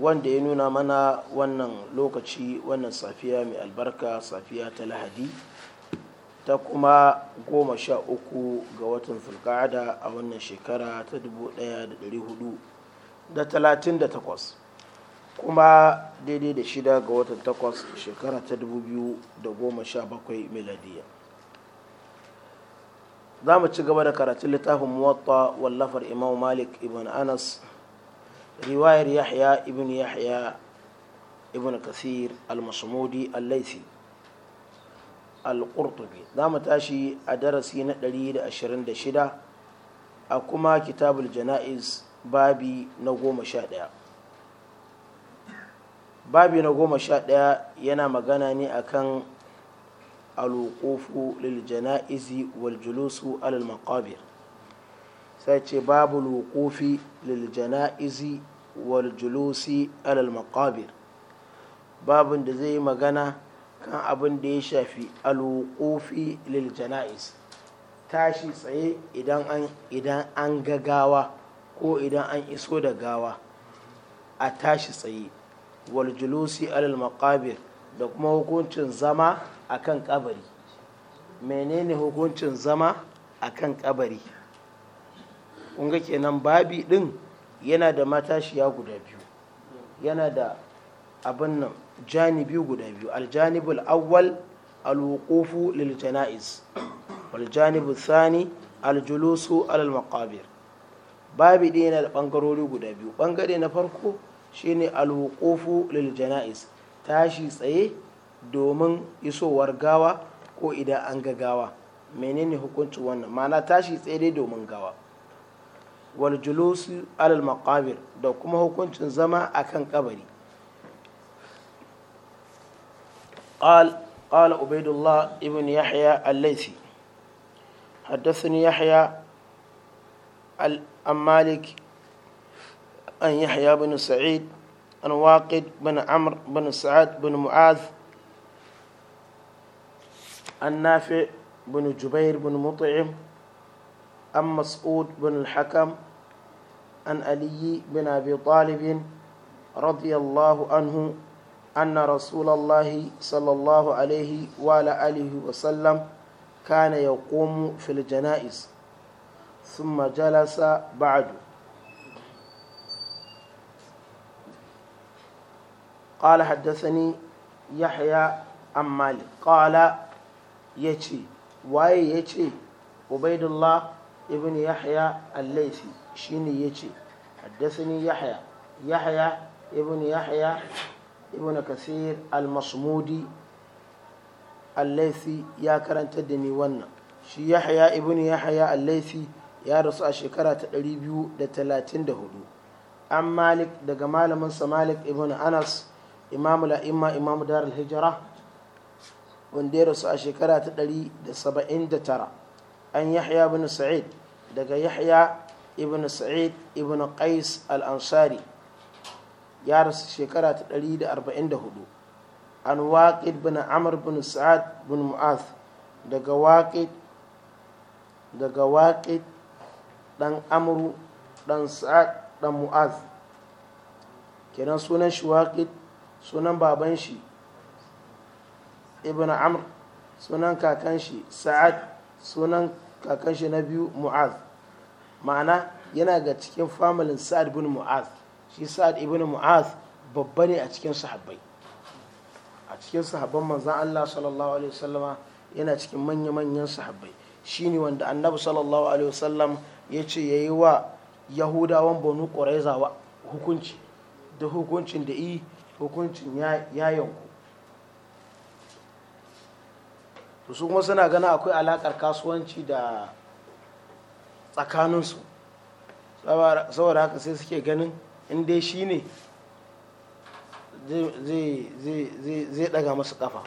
wanda ya nuna mana wannan lokaci wannan safiya mai albarka safiya ta lahadi ta kuma goma sha uku ga watan zulka'ada a wannan shekara ta dubu daya da dari hudu da talatin da takwas kuma daidai da shida ga watan takwas shekara ta dubu biyu da goma sha bakwai miladiya za mu ci gaba da karatun littafin muwatta wallafar imam malik ibn anas riwayar yahya ibn yahya ibn kasir al-masmudi al-laisi al-qurtubi za mu tashi a darasi na 126 a kuma kitabul jana'iz babi na 11 babi na goma sha yana magana ne akan al-wuqufu lil jana'izi wal julusu alal maqabir sai ce babu wuqufi liljana izi wal julusi alal maqabir babin da zai yi magana kan abin da ya shafi alwuqufi lil jana'iz tashi tsaye idan an idan an ga gawa ko idan an iso da gawa a tashi tsaye wal julusi alal maqabir da kuma hukuncin zama akan kabari menene hukuncin zama akan kabari kun ga kenan babi din yana da matashiya guda biyu yana da abin nan janibi guda biyu aljanibul awwal alwuqufu lil janaiz wal janibu thani aljulusu alal maqabir babi din yana da bangarori guda biyu bangare na farko shine alwuqufu lil janaiz tashi tsaye domin isowar gawa ko idan an ga gawa menene hukuncin wannan ma'ana tashi tsaye domin gawa wal julusi alal maqabir da kuma hukuncin zama akan kabari qal قال عبيد الله ابن يحيى الليثي حدثني يحيى عن مالك عن يحيى بن سعيد عن واقد بن عمرو بن سعد بن معاذ عن نافع بن جبير بن مطعم عن مسعود بن الحكم عن علي بن أبي طالب رضي الله عنه أن رسول الله صلى الله عليه وعلى آله وسلم كان يقوم في الجنائز ثم جلس بعد قال حدثني يحيى عن مالك قال يتي واي يتي عبيد الله ابن يحيى الليثي shine yace haddathani yahya yahya ibn yahya ibn kasir al-masmudi al laifi ya karanta da ni wannan shi yahya Ibnu yahya al laifi ya rasu a shekara ta 234 an malik daga malamin sa malik ibn anas imamu la'imma imamu al hijra wanda ya rasu a shekara ta 179 an yahya Ibnu sa'id daga yahya ibn sa'id ibn qais al-ansari ya rasu shekara ta 144 an waqid bin amr bin sa'ad bin mu'az daga waqid daga waqid dan amru dan sa'ad dan mu'az kenan sunan shi waqid sunan baban shi ibn amr sunan kakan shi sa'ad sunan kakan shi na biyu mu'az ma'ana yana ga cikin familin sa'ad bin mu'az shi sa'ad ibn mu'az babba ne a cikin sahabbai a cikin sahabban manzan Allah sallallahu alaihi wasallama yana cikin manya-manyan sahabbai shine wanda annabi sallallahu alaihi wasallam ya ce ya yi wa yahudawan banu ƙuraiza wa hukunci da hukuncin da yi hukuncin ya yanku su kuma suna gana akwai alaƙar kasuwanci da tsakaninsu saboda haka sai suke ganin in dai shi ne zai daga masu kafa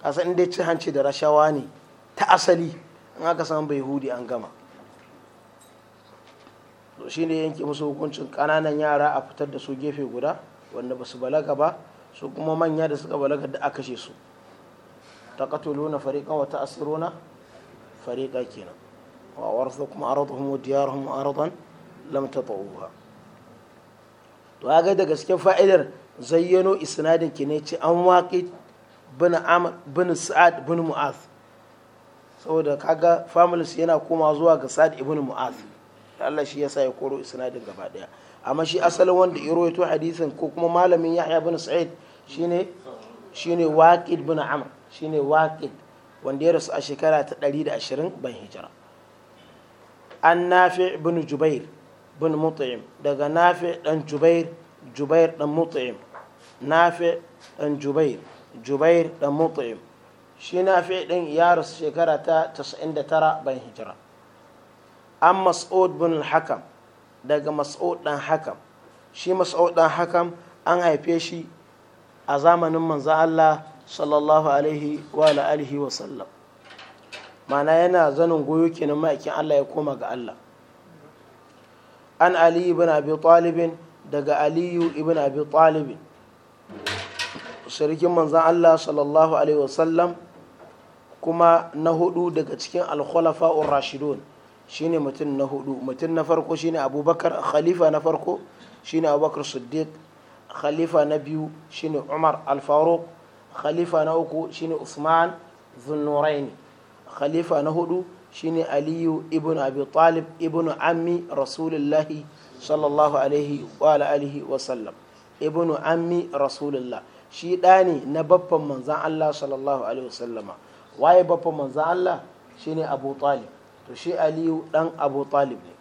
kasan in dai ci hanci da rashawa ne ta asali in aka samu bai hudi an gama to shi ne yanke musu hukuncin kananan yara a fitar da su gefe guda wanda ba su balaga ba su kuma manya da suka balaga da aka kashe su ta na farikan wata asirona farika kenan wa warsa kuma aradhum mu aradan lam tata'uha to ga da gaske fa'idar zayyano isnadin ki ne ci an waƙi bin sa'ad bin mu'az saboda kaga families yana koma zuwa ga sa'ad ibn mu'az Allah shi yasa ya koro isnadin gaba daya amma shi asalin wanda ya rawaito hadisin ko kuma malamin Yahya bin Sa'id shine shine Waqid bin Amr shine Waqid wanda ya rasu a shekara ta 120 ban hijira an nafi bin Jubair bin mut'im daga nafi dan jubair jubair dan mut'im nafi dan jubair jubair dan mut'im shi nafi din ya rasu shekara ta 99 bayan hijira an mas'ud bin hakam daga mas'ud dan hakam shi mas'ud dan hakam an haife shi a zamanin manzan Allah sallallahu alaihi wa alihi wa sallam mana yana zanin goyo kenan ma'aikin Allah ya koma ga Allah an ali ibn abi talibin daga aliyu ibn abi talibin shirkin manzan allah sallallahu alaihi wasallam kuma na hudu daga cikin alkhulafa rashidun shine mutum na hudu mutum na farko shine abubakar khalifa na farko shine abubakar siddiq khalifa na biyu shine umar alfaruk khalifa na uku shine usman zunnuraini khalifa na hudu shine aliyu ibn abi talib ibn ammi rasulullah sallallahu alaihi wa alihi wa sallam ibn ammi rasulullah shi ɗa ne na babban manzan Allah sallallahu alaihi wasallama waye babban manzan Allah shine abu talib to shi aliyu ɗan abu talib ne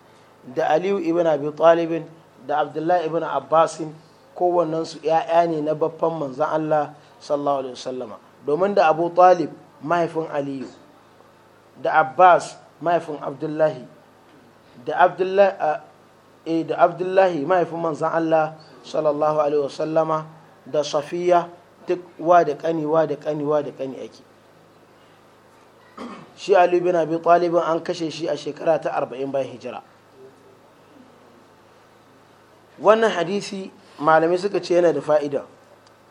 da aliyu ibn abi talib da abdullahi ibn abbasin su ‘ya'ya ne na babban manzan Allah sallallahu alaihi wasallama domin da abu talib mahaifin aliyu da abbas mahaifin abdullahi da eh, abdullahi mahaifin manzan allah sallallahu alaihi wasallama da safiya duk wa da kani wa da kani wa da kani ake shi ali bin abi talibin an kashe shi a shekara ta 40 bayan hijira wannan hadisi malami suka ce yana da fa'ida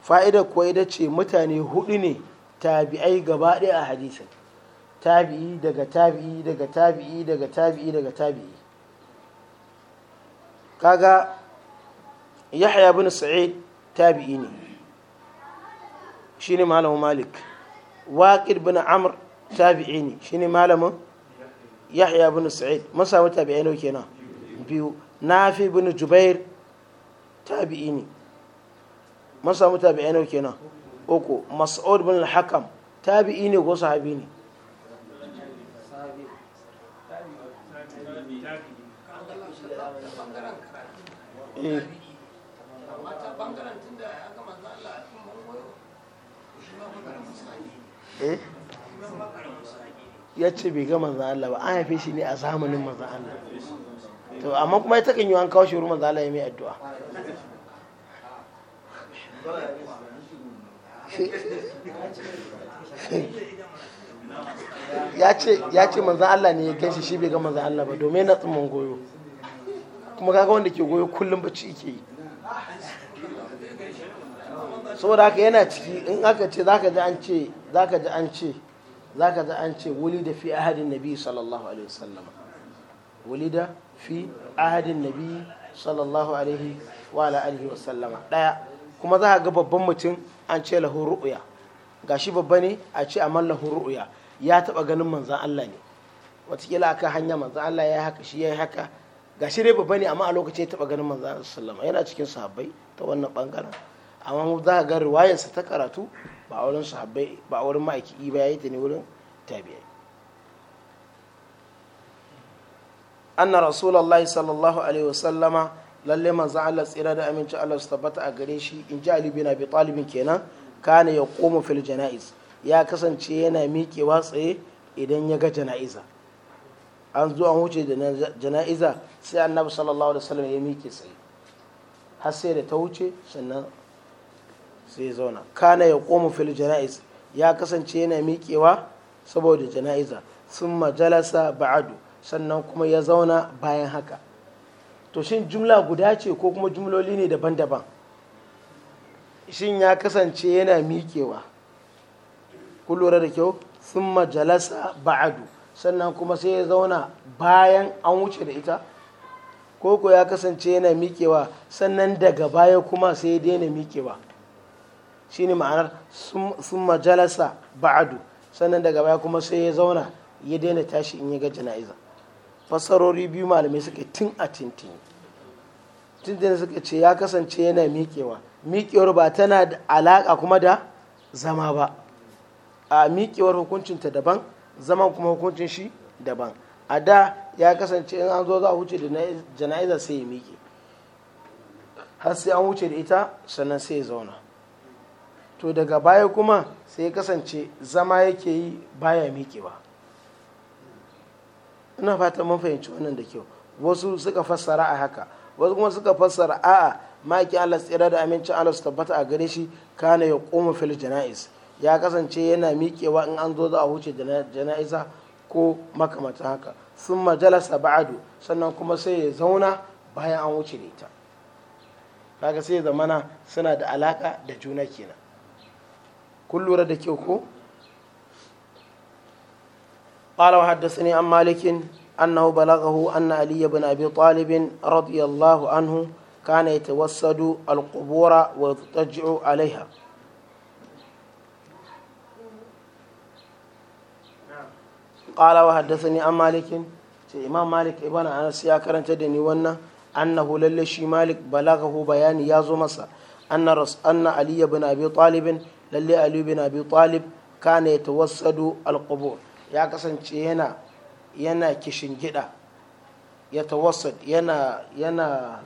fa'idar kuwa ita ce mutane hudu ne tabi'ai gaba ɗaya a hadisin tabi'i daga tabi'i daga tabi'i daga tabi'i daga tabi'i kaga yahya bin sa'id tabi'i ne shine malamu malik waqid bin amr tabi'i ne shine malamin yahya bin sa'id mun samu tabi'ai nau kenan biyu nafi bin jubair tabi'i ne mun samu tabi'ai nau kenan uku mas'ud bin al-hakam tabi'i ne ko sahabi ne Eh? ya ce bai ga manzan Allah ba an haife shi ne a zamanin manzan Allah to amma kuma ya takan yi an kawo shi wurin manzan Allah ya mai addu'a ya ce manzan Allah ne ya kai shi shi bai ga manzan Allah ba domin na tsimman goyo kuma kaga wanda ke goyo kullum bacci yake yi saboda haka yana ciki in aka ce zaka ji an ce zaka ji an ce zaka ji an ce wuli da fi ahadin nabi sallallahu alaihi wasallam wuli da fi ahadin nabi sallallahu alaihi wa ala alihi wasallama daya kuma za ka ga babban mutum an ce lahu ru'ya gashi babba ne a ce amma lahu ru'ya ya taba ganin manzan Allah ne watakila aka hanya manzan Allah ya haka shi ya haka ga shi dai babba ne amma a lokacin ya taɓa ganin manzan yana cikin sahabbai ta wannan bangaren amma mu za ga riwayarsa ta karatu ba a wurin sahabbai ba a wurin ma'aiki ba ya yi ta ne wurin tabi'i anna rasulullahi sallallahu alaihi wasallama lalle manzan Allah tsira da aminci Allah su tabbata a gare shi in ji Ali bin Abi Talibin kenan kana ya koma fil jana'iz ya kasance yana miƙewa tsaye idan ya ga jana'iza an zo an wuce da jana'iza sai annabi sallallahu alaihi wasallam ya miƙe tsaye har sai da ta wuce sannan sai ya zauna kana ya koma fil jana'iz ya kasance yana miƙewa saboda jana'iza sun majalasa ba'adu sannan kuma ya zauna bayan haka to shin jumla guda ce ko kuma jumloli ne daban-daban shin ya kasance yana miƙewa ku lura da kyau sun majalasa ba'adu sannan kuma sai ya zauna bayan an wuce da ita koko ya kasance yana miƙewa sannan daga baya kuma sai ya daina miƙewa shi ne ma'anar sun majalasa ba'adu sannan daga baya kuma sai ya zauna ya daina tashi in ya ga jana'iza fassarori biyu malamai suka tun a tintin tintin suka ce ya kasance yana miƙewa miƙewar ba tana da alaƙa kuma da zama ba a miƙewar hukuncinta daban zaman kuma hukuncin shi daban a da ya kasance in an zo za a wuce da jana'iza sai ya miƙe har sai an wuce da ita sannan sai ya zauna to daga baya kuma sai ya kasance zama yake yi baya miƙewa ina fata mun fahimci wannan da kyau wasu suka fassara a haka wasu kuma suka fassara a'a maki Allah tsira da amincin Allah su tabbata a gare shi kana ya koma fil jana'iz ya kasance yana miƙewa in an zo za a wuce jana'iza ko makamata haka sun majalasa ba'adu sannan kuma sai ya zauna bayan an wuce da ita kaga sai zamana suna da alaka da juna kenan kun lura da kyau ko قال وحدثني عن مالك أنه بلغه أن علي بن أبي طالب رضي الله عنه كان يتوسد القبور ويضطجع عليها qala wa haddathani an malikin ce imam malik ibn anas ya karanta da ni wannan annahu lalle shi malik balagahu bayani ya zo masa anna ras anna ali ibn abi talib lalle ali ibn abi talib kana yatawassadu alqubur ya kasance yana yana kishin gida yana yana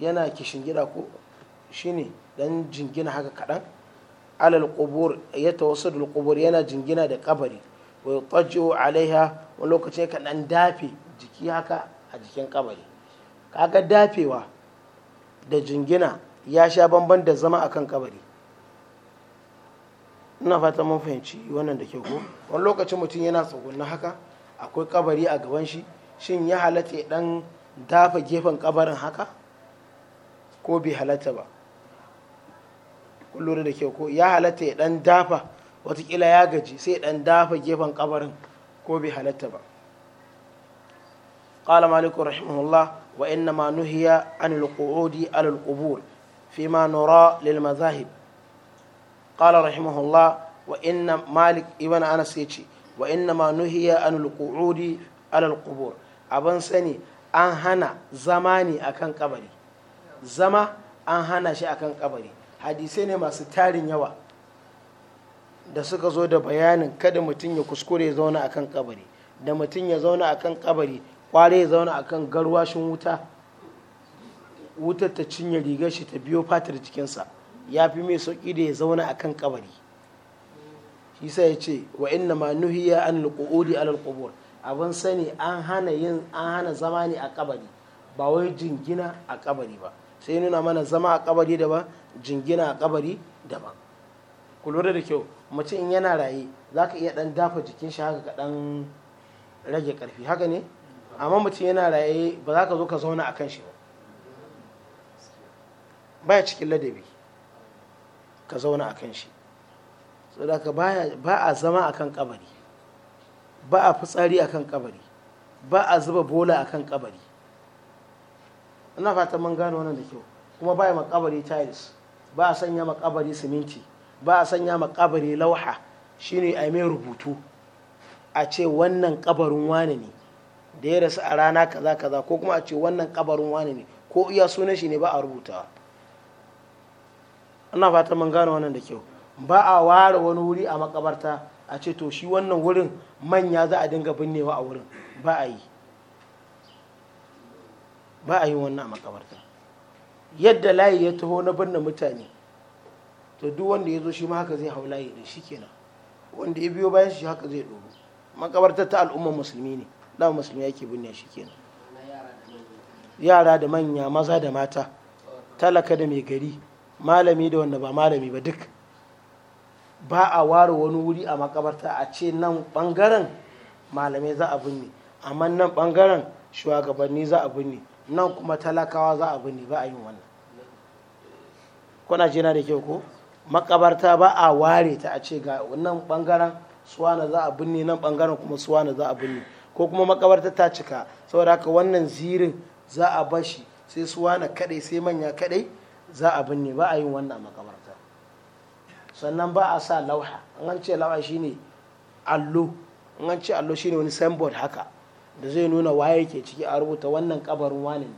yana kishin gida ko shine dan jingina haka kadan alal qubur ya alqubur yana jingina da kabari wa yutaji'u alaiha wani lokacin ka dan dafe jiki haka a jikin kabari kaga dafewa da jingina ya sha bamban da zama a kan kabari ina fata mun fahimci wannan da ke ko wani lokacin mutum yana tsugunna haka akwai kabari a gaban shi shin ya halatta ya dan dafa gefen kabarin haka ko bai halatta ba kullum da ke ko ya halatta ya ɗan dafa watakila ya gaji sai dan dafa gefen kabarin ko bai halatta ba قال مالك رحمه الله وإنما نهي عن القعود على القبور فيما نرى للمذاهب قال رحمه الله وإن مالك ابن أنس وإنما نهي عن القعود على القبور أبن سني an hana zama ne akan kan kabari zama an hana shi akan kabari hadisai ne masu tarin yawa da suka zo da bayanin kada mutum ya kuskure ya zauna akan kabari da mutum ya zauna akan kabari kware ya zauna akan garwashin wuta wutar ta cinye rigar shi ta biyo fatar jikinsa ya fi mai sauƙi da ya zauna akan kabari shi sai ya ce wa inna ma nuhiya an alqu'udi alal qubur abin sani an hana yin an hana zama ne a kabari ba wai jingina a kabari ba sai nuna mana zama a kabari daban jingina a kabari daban ku lura da kyau mace in yana raye za ka iya dan dafa jikin shi haka ka ɗan rage ƙarfi haka ne amma mutum yana raye ba za ka zo ka zauna a kan shi ba baya cikin ladabi ka zauna a kan shi saboda ba a zama a kan kabari ba a fitsari a kan kabari ba a zuba bola a kan kabari ina fata mun gano wannan da kyau kuma ba ya makabari tiles ba a sanya makabari siminti ba a sanya makabari lauha shine a mai rubutu a ce wannan kabarin wane ne da ya rasu a rana kaza kaza ko kuma a ce wannan kabarin wane ne ko iya sunan shi ne ba a rubuta ana fatan mun gane wannan da kyau ba a ware wani wuri a makabarta a ce to shi wannan wurin manya za a dinga binnewa a wurin ba a yi ba a yi wannan a makabarta yadda layi ya taho na binne mutane to duk wanda ya zo shi ma haka zai hau layi da shi kenan wanda ya biyo bayan shi haka zai dogo makabartar ta al'ummar musulmi ne da musulmi yake binne shi kenan yara da manya maza da mata talaka da mai gari malami da wanda ba malami ba duk ba a ware wani wuri a makabarta a ce nan bangaren malamai za a binne amma nan bangaren shugabanni za a binne nan kuma talakawa za a binne ba a yin wannan kuna jina da kyau ko makabarta ba a ware ta a ce ga wannan bangaren suwana za a binne nan bangaren kuma suwana za a binne ko kuma makabarta ta cika saboda haka wannan zirin za a bashi sai suwana kadai sai manya kadai za a binne ba a yin wannan makabarta sannan ba a sa lauha an ce lauha shine allo an ce allo shine wani signboard haka da zai nuna waye yake ciki a rubuta wannan kabarin wani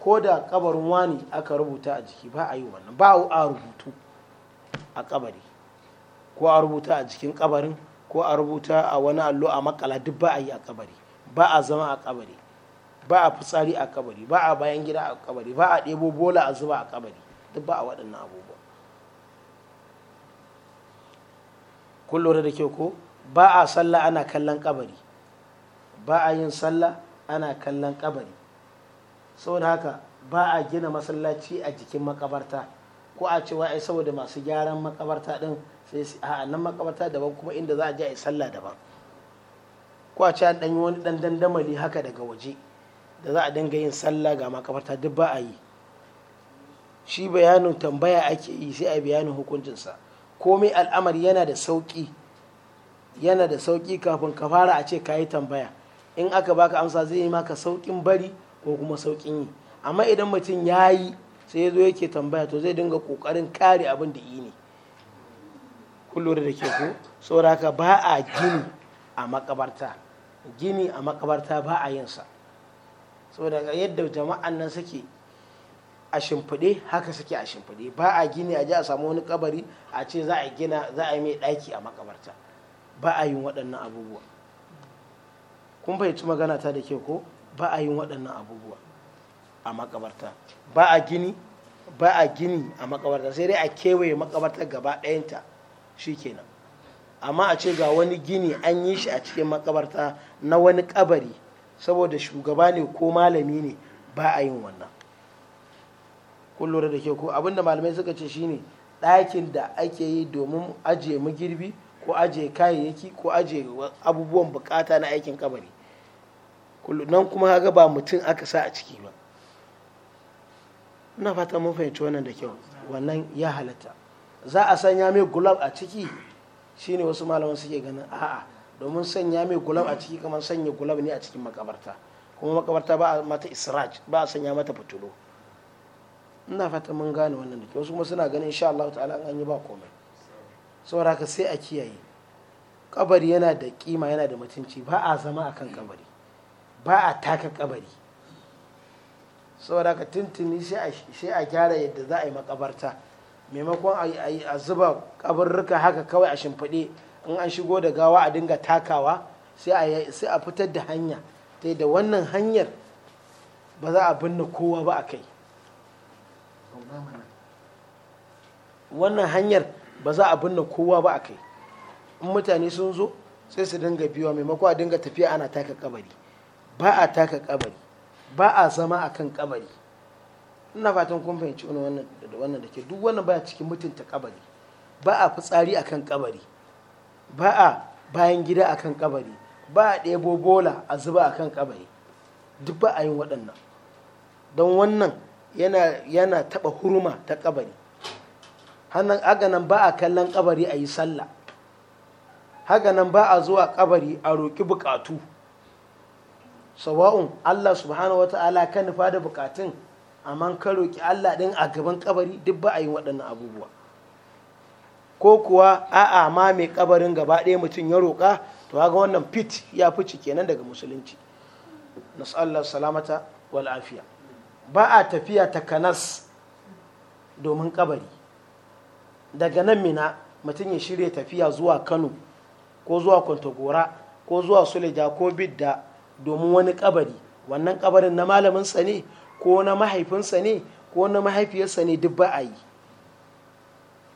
ko da kabarin wani aka rubuta a jiki ba a yi wannan ba a rubutu a kabari ko a rubuta a jikin kabarin ko a rubuta a wani allo a makala duk ba a yi a kabari ba a zama a kabari ba a fitsari a kabari ba a bayan gida a kabari ba a ɗebo bola a zuba a kabari duk ba a waɗannan abubuwa kun lura da kyau ko ba a sallah ana kallon kabari ba a yin sallah ana kallon kabari saboda haka ba a gina masallaci a jikin makabarta ko a cewa ai saboda masu gyaran makabarta din sai a nan makabarta daban kuma inda za a je a yi sallah daban ko a ce an ɗanyi wani ɗan dandamali haka daga waje da za a dinga yin sallah ga makabarta duk ba a yi shi bayanin tambaya ake yi sai a bayanin hukuncinsa komai al'amari yana da sauƙi yana da sauƙi kafin ka fara a ce ka yi tambaya in aka baka amsa zai yi maka saukin bari ko kuma saukin yi amma idan mutum ya yi sai ya zo yake tambaya to zai dinga kokarin kare abin da yi ne kullum da ke ko sauraka ba a gini a makabarta gini a makabarta ba a yinsa saboda yadda jama'an nan suke a shimfiɗe haka suke a shimfiɗe ba a gini a ji a samu wani kabari a ce za a gina za a yi mai ɗaki a makabarta ba a yin waɗannan abubuwa kun fahimci magana ta da ke ko ba a yin waɗannan abubuwa a makabarta ba a gini ba a gini a makabarta sai dai a kewaye makabarta gaba ɗayanta kenan amma a ce ga wani gini an yi shi a cikin makabarta na wani kabari saboda shugaba ne ko malami ne ba a yin wannan kun da ke ko abinda malamai suka ce shine ɗakin da ake yi domin ajiye magirbi ko ajiye kayayyaki ko ajiye abubuwan bukata na aikin kabari nan kuma haka ba mutum aka sa a ciki ba ina fata mun fahimci wannan da kyau wannan ya halatta za a sanya mai gulab a ciki shine wasu malaman suke ganin a'a domin sanya mai gulab a ciki kamar sanya gulab ne a cikin makabarta kuma makabarta ba a mata israj ba a sanya mata fitulo ina fata mun gane wannan da kyau wasu kuma suna ganin insha Allah ta'ala an yi ba komai saboda ka sai a kiyaye kabari yana da kima yana da mutunci ba a zama akan kabari ba a taka kabari saboda ka tuntuni sai a gyara yadda za a yi makabarta maimakon a zuba kabarruka haka kawai a shimfiɗe in an shigo da gawa a dinga takawa sai a fitar da hanya ta da wannan hanyar ba za a binne kowa ba a kai wannan hanyar ba za a binne kowa ba a kai in mutane sun zo sai su dinga biyuwa maimakon a dinga tafiya ana taka kabari ba a taka kabari ba a zama a kan kabari ina fatan kun fahimci wannan da ke duk wannan baya cikin mutunta kabari ba a fitsari a kan kabari ba a bayan gida a kan kabari ba a ɗebo bola a zuba a kan kabari duk ba a yin waɗannan don wannan yana taɓa huruma ta kabari hannun aganan ba a kallon kabari a yi sallah haganan ba a zuwa kabari a roƙi buƙatu sawa'un Allah subhanahu wata'ala ka nufa da bukatun amma ka roƙi Allah ɗin a gaban kabari duk ba a yi waɗannan abubuwa ko kuwa a'a ma mai kabarin gaba ɗaya mutum ya roƙa to ga wannan fit ya fi cike kenan daga musulunci nasallar salamata wal afiya ba a tafiya ta kanas domin kabari daga nan mina mutum ya shirya tafiya zuwa kano ko zuwa kwantagora ko zuwa suleja ko bidda domin wani kabari wannan kabarin na malaminsa ne ko na mahaifinsa ne ko na mahaifiyarsa ne duk ba a yi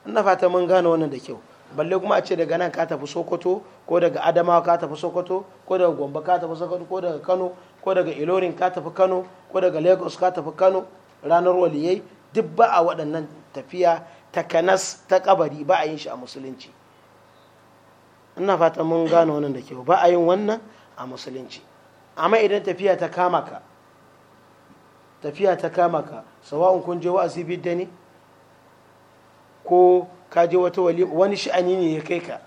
ina fata mun gane wannan da kyau balle kuma a ce daga nan ka tafi sokoto ko daga adamawa ka tafi sokoto ko daga gombe ka tafi sokoto ko daga kano ko daga ilorin ka tafi kano ko daga lagos ka tafi kano ranar waliyai duk ba a waɗannan tafiya ta kanas ta kabari ba a yin shi a musulunci ina fata mun gane wannan da kyau ba a yin wannan a musulunci amma idan tafiya ta kama ka tafiya ta kama ka sawa'un kun je asibi da ni ko ka je wata wali wani sha'ani ne ya kai ka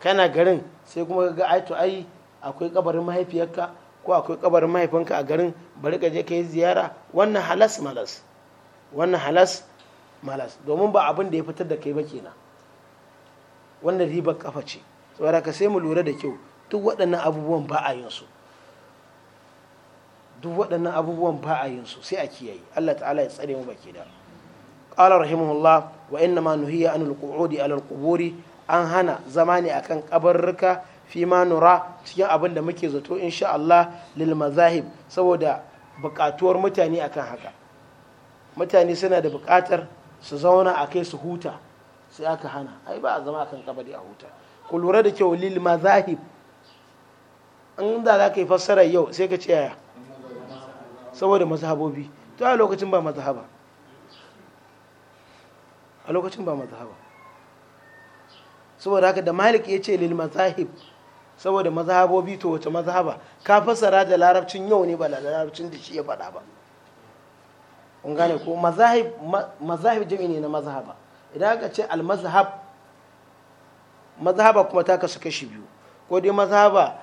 kana garin sai kuma ga ai to ai akwai kabarin mahaifiyarka ko akwai kabarin mahaifinka a garin bari ka je ka yi ziyara wannan halas malas wannan halas malas domin ba abin da ya fitar da kai ba kenan wannan ribar kafa ce saboda ka sai mu lura da kyau duk waɗannan abubuwan ba a yin su duk waɗannan abubuwan ba a yin sai a kiyaye Allah ta'ala ya tsare mu baki da qala rahimahullah wa inna ma nuhiya anil qu'udi alal quburi an hana zama ne akan kabarruka fi ma nura cikin abin da muke zato insha Allah lil mazahib saboda buƙatuwar mutane akan haka mutane suna da buƙatar su zauna a kai su huta sai aka hana ai ba a zama akan kabari a huta ku lura da kyau lil mazahib an da za ka yi fassara yau sai ka ce yaya saboda mazhabobi to a lokacin ba mazhaba a lokacin ba mazhaba saboda haka da malik ya ce lil mazahib saboda mazhabobi to wace mazhaba ka fassara da larabcin yau ne ba da larabcin da shi ya faɗa ba kun gane ko mazahib mazahib jami ne na mazhaba idan aka ce al mazhab mazhaba kuma ta kasu kashi biyu ko dai mazhaba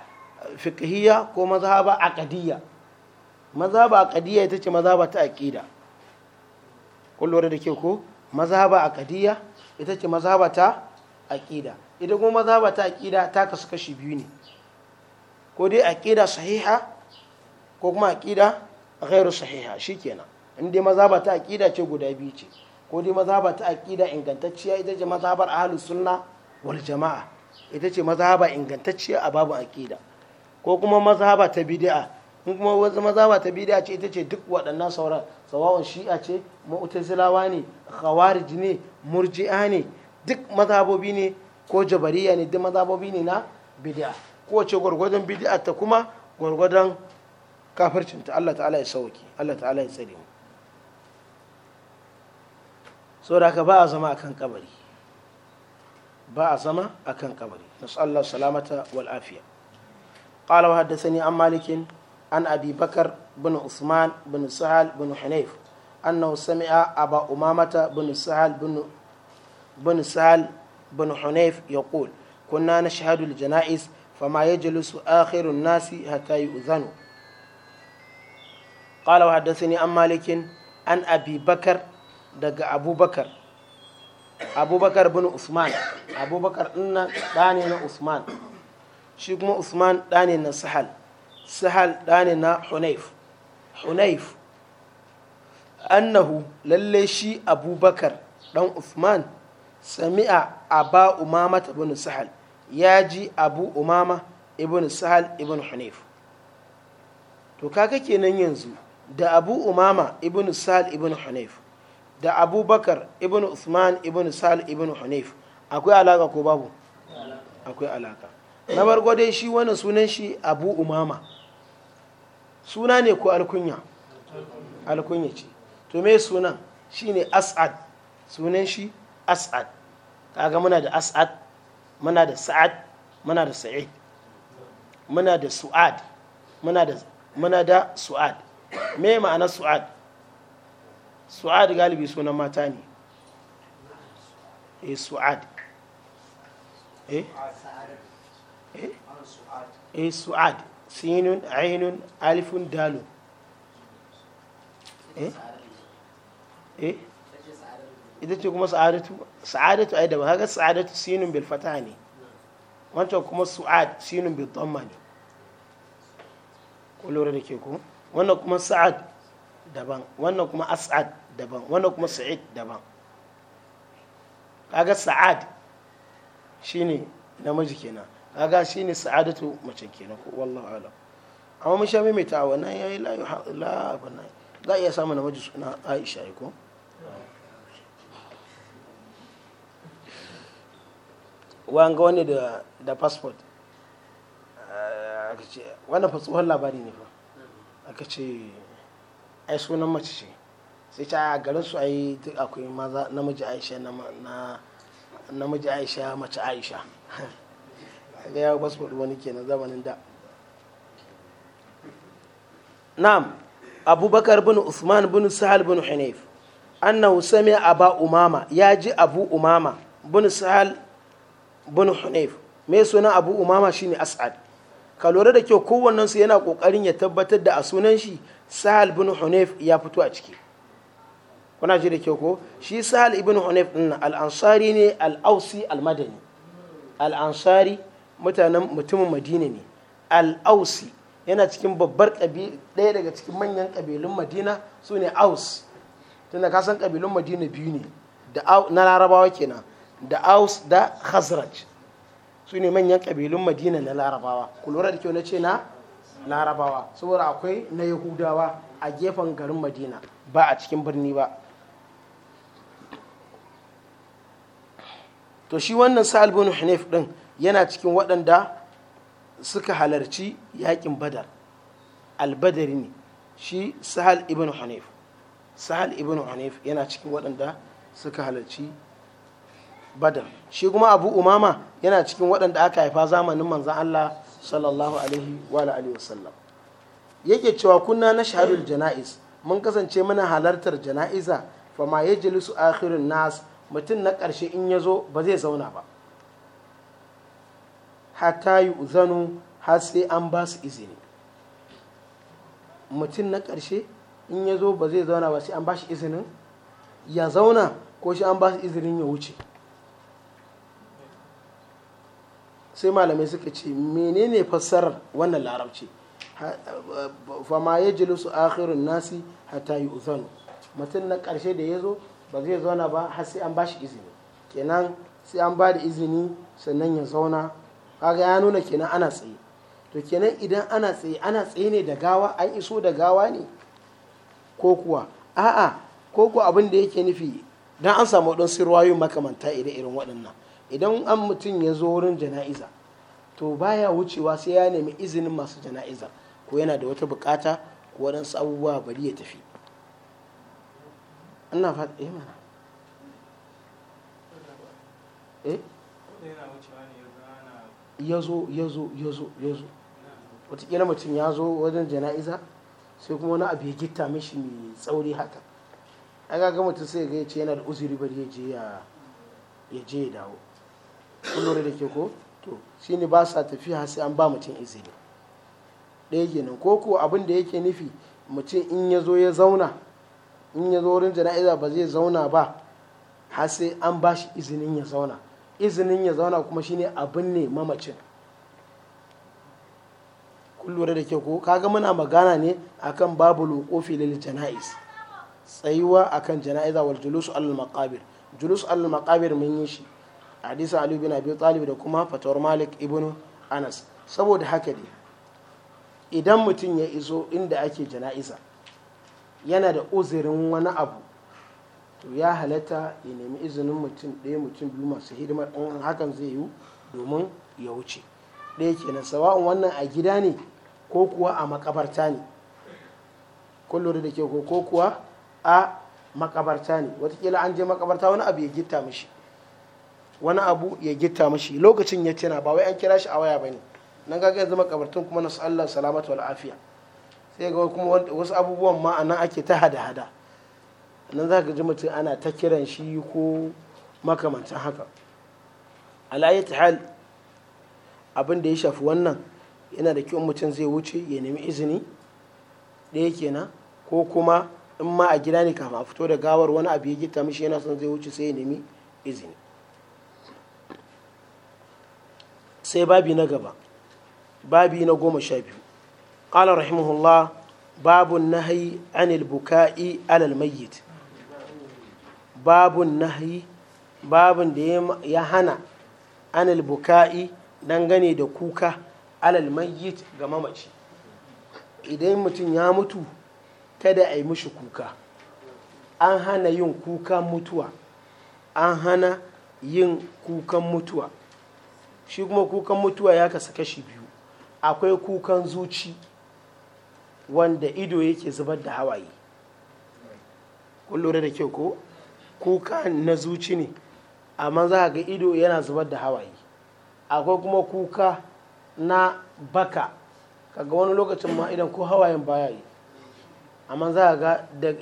fiqhiyya ko mazhaba aqdiyya a kadiya ita ce mazaba ta aqida kun lura da ke ko a kadiya ita ce mazaba ta aqida ita kuma mazaba ta aqida ta kasu kashi biyu ne ko dai aqida sahiha ko kuma aqida ghairu sahiha shikenan in dai mazhaba ta aqida ce guda biyu ce ko dai mazaba ta aqida ingantacciya ita ce mazhabar ahlus sunna wal jama'a ita ce mazhaba ingantacciya a babu aqida ko kuma mazhaba ta bid'a mu kuma wata ba ta bidiya ce ita ce duk waɗannan sauran sawawan shi'a ce mu'tazilawa ne khawarij ne murji'a ne duk mazhabobi ne ko jabariya ne duk mazhabobi ne na ko ce gwargwadon bidiya ta kuma gwargwadon kafircinta Allah ta'ala ya sauki Allah ta'ala ya tsare mu saboda ka ba a zama akan kabari ba a zama akan kabari nasallahu salamata wal afiya قال وحدثني عن مالك عن أبي بكر بن عثمان بن سهل بن حنيف أنه سمع أبا أمامة بن سهل بن بن سهل بن حنيف يقول كنا نشهد الجنائز فما يجلس آخر الناس حتى يؤذنوا قال وحدثني عن مالك عن أبي بكر دق أبو بكر أبو بكر بن عثمان أبو بكر إن داني عثمان شيخ عثمان داني سهل sahal ɗani na hunayf hunayf annahu lalle shi abubakar ɗan uthman sami'a aba umama ibn sahal ya ji abu umama ibn sahal ibn hunayf to kaga kenan yanzu da abu umama ibn sahal ibn hunayf da abubakar ibn uthman ibn sahal ibn hunayf akwai alaka ko babu akwai alaka na farko dai shi wannan sunan shi abu umama suna ne ko alkunya alkunya ce to me sunan shine as'ad sunan shi as'ad kaga muna da as'ad muna da sa'ad muna da sa'id muna da su'ad muna da muna da su'ad me ma'anar su'ad su'ad galibi sunan mata ne eh su'ad eh eh? eh su'ad sinun ainun alifun dalun eh eh ita ce kuma sa'adatu sa'adatu ai daban kaga sa'adatu sinun bil fataha ne wancan kuma su'ad sinun bil dhamma ne ko lura da ke ku wannan kuma sa'ad daban wannan kuma as'ad daban wannan kuma sa'id daban kaga sa'ad shine namiji kenan Aga shi ne sa'adatu mace kenan ko wallahu alam amma mun sha maimaita a wannan yayi la la bana za iya samu namiji suna Aisha ko wanga wani da da passport eh, aka ce wannan fa tsohon labari ne fa aka ce ai sunan mace ce sai ta a garin su ai duk akwai maza namiji Aisha na namiji Aisha mace Aisha ga ya fasfod wani kenan zamanin da na'am abubakar bin usman bin sahal bin hunayf annahu sami aba umama ya ji abu umama bin sahal bin hanif mai suna abu umama shine as'ad ka lura da kyau kowannen su yana kokarin ya tabbatar da a sunan shi sahal bin hanif ya fito a ciki kuna ji da kyau ko shi sahal ibn hanif din al-ansari ne al-ausi al-madani al-ansari mutanen mutumin madina ne al-ausi yana cikin babbar ɗaya daga cikin manyan ƙabilun madina su ne aus tunda ka san ƙabilun madina biyu ne na larabawa kenan da aus da khazraj su ne manyan ƙabilun madina na larabawa ku lura da kyau na ce na larabawa saboda akwai na yahudawa a gefen garin madina ba a cikin birni ba to shi wannan sa'al bin ɗin din yana cikin waɗanda suka halarci yaƙin badar albadari ne shi sahal ibn hanif sahal ibn hanif yana cikin waɗanda suka halarci badar shi kuma abu umama yana cikin waɗanda aka haifa zamanin manzan allah sallallahu alaihi wa alihi wasallam yake cewa kunna na shaharul jana'iz mun kasance muna halartar jana'iza fama ya jilisu akhirun nas mutum na ƙarshe in ya zo ba zai zauna ba hata yi uzanu har sai an ba su izini mutum na ƙarshe in ya zo ba zai zauna ba sai an ba shi izinin ya zauna ko shi an ba su izinin ya wuce sai malamai suka ce menene fassarar wannan larabci fama ya jilu su akhirin nasi hata yi uzanu mutum na ƙarshe da ya zo ba zai zauna ba har sai an ba shi izini kenan sai an ba da izini sannan ya zauna kaga ya nuna kenan ana tsaye to kenan idan ana tsaye ana tsaye ne da gawa an iso da gawa ne ko kuwa a'a ko kuwa abin da yake nufi dan an samu don sirwayo makamanta ire irin waɗannan idan an mutum ya zo wurin jana'iza to baya wucewa sai ya nemi izinin masu jana'iza ko yana da wata bukata ko waɗansu abubuwa bari ya tafi ina fata eh, eh? ya zo ya zo ya zo ya zo watakila mutum ya zo wajen jana'iza sai kuma wani abu ya gitta mishi mai tsauri haka a ga mutum sai ga ya ce yana da uzuri bari ya je ya je ya dawo kun da ke ko to ne ba sa tafiya sai an ba mutum izini ɗaya kenan ko ko abin da yake nufi mutum in ya zo ya zauna in ya zo wurin jana'iza ba zai zauna ba har sai an ba shi izinin ya zauna izinin ya zauna kuma shine abin ne mamacin kullum da ke ko kaga muna magana ne akan babu lokofi lil jana'is tsayuwa akan jana'iza wal julus al maqabir julus al maqabir mun yi shi hadisi ali bin abi talib da kuma fatawar malik ibnu anas saboda haka ne idan mutum ya iso inda ake jana'iza yana da uzirin wani abu to ya halatta ya nemi izinin mutum ɗaya mutum biyu masu hidimar ɗan hakan zai yiwu domin ya wuce ɗaya kenan sawa'un wannan a gida ne ko kuwa a makabarta ne kullum da ke ko kuwa a makabarta ne watakila an je makabarta wani abu ya gitta mishi wani abu ya gitta mishi lokacin ya tana ba wai an kira shi a waya ba ne nan ga yanzu makabartun kuma nasu Allah salamatu wal afiya sai ga kuma wasu abubuwan ma ake ta hada-hada nan za ka ji mutum ana ta kiran shi ko makamancin haka alayyata hal abin da ya shafi wannan yana da kyau mutum zai wuce ya nemi izini ɗaya kenan ko kuma in ma a gida ne kafin a fito da gawar wani abu ya gita mishi yana son zai wuce sai ya nemi izini sai babi na gaba babi na goma sha biyu ƙalar rahimahullah babu nahayi anil buka'i alal mayyit babun nahyi babun da ya hana anil buka'i dangane da kuka alal mayyit ga mamaci idan mutum ya mutu kada a yi mushi kuka an hana yin kukan mutuwa an hana yin kukan mutuwa shi kuma kukan mutuwa ya kasa kashi biyu akwai kukan zuci wanda ido yake zubar da hawaye kun da kyau ko kuka na zuci ne amma za ga ido yana zubar da hawaye akwai kuma kuka na baka kaga wani lokacin ma idan ko hawayen baya yi amma za ga da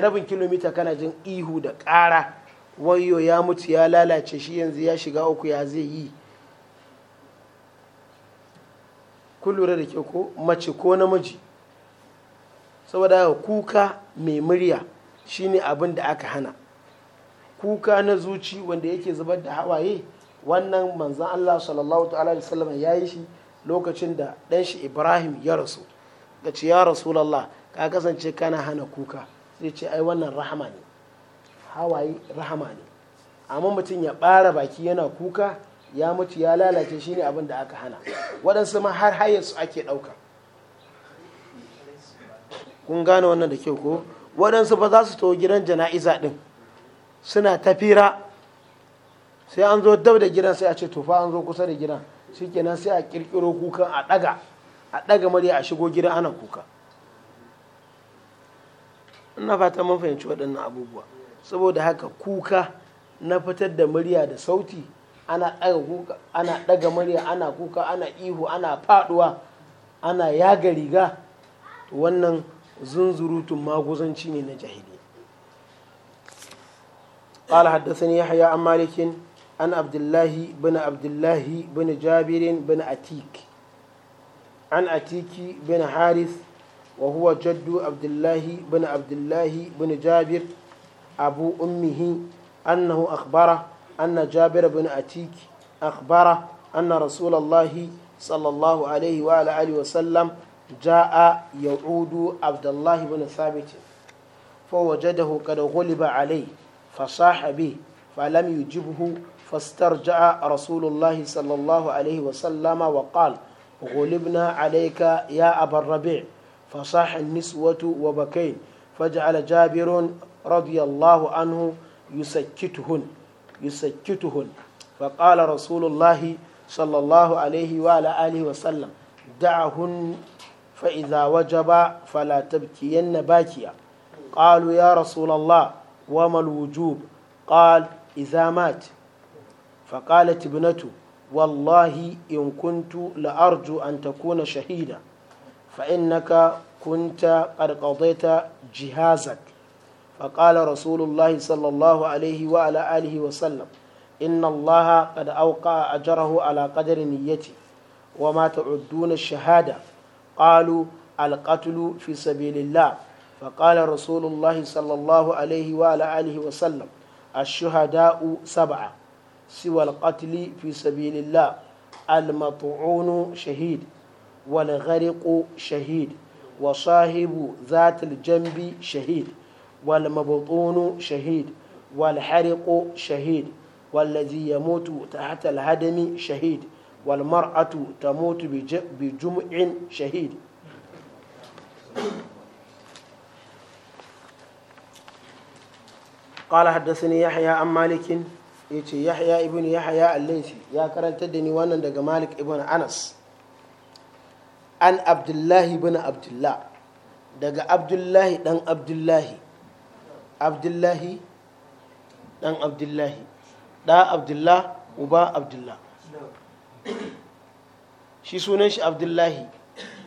rabin kilomita kana jin ihu da ƙara wayo ya mutu ya lalace shi yanzu ya shiga uku ya zai yi kun lura da ke ko mace ko namiji saboda kuka mai murya shine abin da aka hana kuka na zuci wanda yake zubar da hawaye wannan manzan Allah sallallahu ta'ala da sallama ya yi shi lokacin da ɗan shi Ibrahim ya rasu da ce ya rasulallah ka kasance kana hana kuka zai ce ai wannan rahama ne hawaye rahama ne amma mutum ya ɓara baki yana kuka ya mutu ya lalace shi ne abin da aka hana waɗansu ma har hayarsu ake ɗauka kun gane wannan da kyau ko waɗansu ba za su to gidan jana'iza ɗin suna tafira sai an zo dab da gidan sai a ce tufa an zo kusa da gidan shikenan sai a kirkiro kukan a daga a daga murya a shigo gidan ana kuka ina fata mun fahimci waɗannan abubuwa saboda haka kuka na fitar da murya da sauti ana daga kuka ana daga murya ana kuka ana ihu ana faduwa ana yaga riga wannan zunzurutun maguzanci ne na jahiliya قال حدثني يحيى عن مالك عن عبد الله بن عبد الله بن جابر بن أتيك عن أتيك بن حارث وهو جد عبد الله بن عبد الله بن جابر أبو أمه أنه أخبره أن جابر بن أتيك أخبره أن رسول الله صلى الله عليه وعلى آله وسلم جاء يعود عبد الله بن ثابت فوجده قد غلب عليه fasaha bi falam yujibhu fastarja'a rasulullahi sallallahu alaihi wa sallama wa qala غلبنا عليك يا أبا الربيع فصاح النسوة وبكين فجعل جابر رضي الله عنه يسكتهن يسكتهن فقال رسول الله صلى الله عليه وعلى آله وسلم دعهن فإذا وجب فلا تبكين باكيا قالوا يا رسول الله وما الوجوب قال إذا مات فقالت ابنته والله إن كنت لأرجو أن تكون شهيدا فإنك كنت قد قضيت جهازك فقال رسول الله صلى الله عليه وعلى آله وسلم إن الله قد أوقع أجره على قدر نيتي وما تعدون الشهادة قالوا القتل في سبيل الله فقال رسول الله صلى الله عليه وعلى آله وسلم الشهداء سبعة سوى القتل في سبيل الله المطعون شهيد والغرق شهيد وصاحب ذات الجنب شهيد والمبطون شهيد والحرق شهيد والذي يموت تحت الهدم شهيد والمرأة تموت بجمع شهيد قال حدثني يحيى عن مالك yace yahya ibn yahya al-laythi ya karantar da ni wannan daga malik ibn anas an abdullahi ibn abdullah daga abdullahi dan abdullahi abdullahi dan abdullahi da abdullah uba abdullah shi sunan shi abdullahi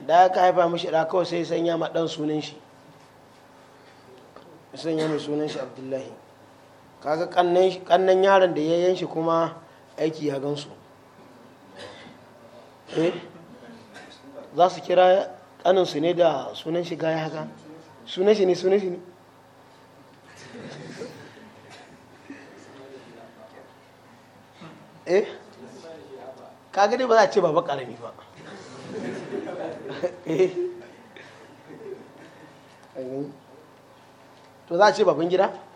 da ka haifa mishi da kawai sai sanya ma dan sunan shi sanya mai sunan shi abdullahi kaga kannan yaron da yayyan shi kuma aiki ya gansu eh za su kira kaninsu ne da sunan shi gaya haka sunan shi ne sunan shi ne eh kaga dai ba za a ce baba karami ba eh to za a ce baban gida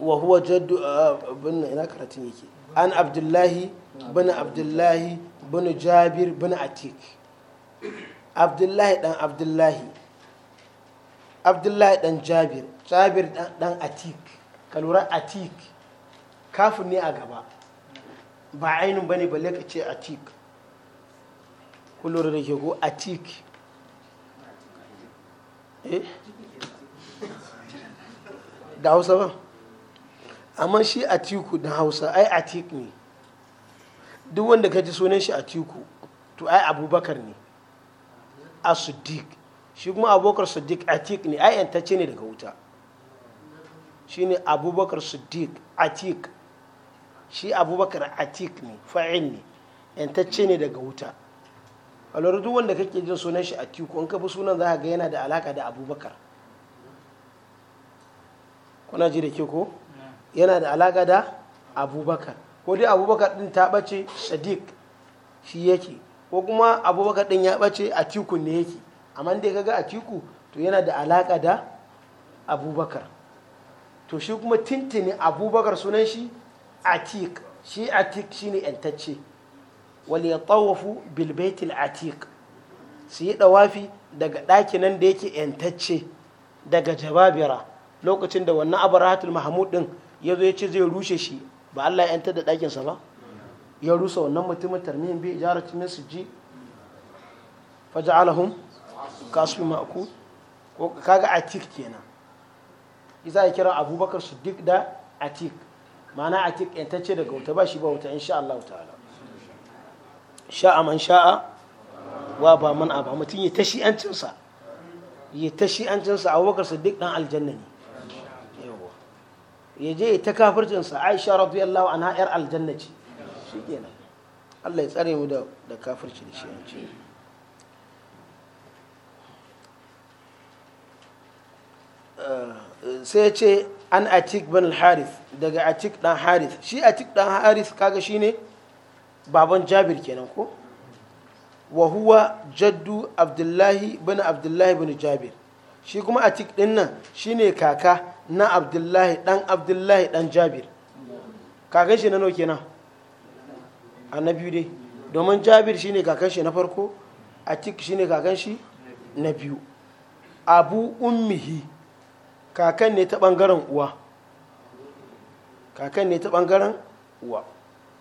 wa huwa jaddu yake an abdullahi bin abdullahi bin jabir bin atik abdullahi dan jabir jabir dan atik ka lura atik kafin ne a gaba ba ainihin bane balle ka ce atik kullum da ke go atik eh? da hausa ba amma shi atiku na hausa ai atik ne duk wanda ka ji sunan shi atiku to ai abubakar ne a suddik shi kuma abubakar suddik atik ne ai yantacce ne daga wuta shi ne abubakar suddik atik shi abubakar atik ne fa'in ne yantacce ne daga wuta a duk wanda kake jin sunan shi atiku in ka bi sunan za ka ga yana da alaka da abubakar kuna ji da ke ko yana da alaƙa da abubakar ko dai abubakar ɗin ta ɓace sadiq shi yake ko kuma abubakar ɗin ya ɓace a tiku ne yake amma dai kaga a tiku to yana da alaƙa da abubakar to shi kuma tintini abubakar sunan shi atik shi atik shine yantacce wal ya bil bilbetil atik su yi dawafi daga ɗakinan da yake yantacce daga jababira lokacin da wannan abaratul mahmud din ya zo ya ce zai rushe shi ba Allah ya yantar da ɗakinsa ba ya rusa wannan mutumin tarmihin bi ijaratu min sijji faja'alahum kasu ma'ku ko kaga atik kenan isa ya kira abubakar siddiq da atik ma'ana atik yantacce daga wuta ba shi ba wuta sha Allah ta'ala sha'a man sha'a wa ba man aba mutum ya tashi yancinsa ya tashi yancinsa abubakar siddiq dan aljanna ne ya je ta kafircinsa aisha radiyallahu anha yar aljanna ce Allah ya tsare mu da kafirci da eh, sai ce an atik bin harith daga atik dan harith shi atik dan harith kaga shine baban jabir kenan ko wa huwa jaddu abdullahi bin abdullahi bin jabir shi kuma atik din nan ne kaka na abdullahi dan abdullahi dan jabir kakan shi na nau kenan a na biyu dai domin jabir shi ne kakan shi na farko shi ne kakan shi na biyu abu ummihi kakan ne ta bangaren uwa kakan ne ta bangaren uwa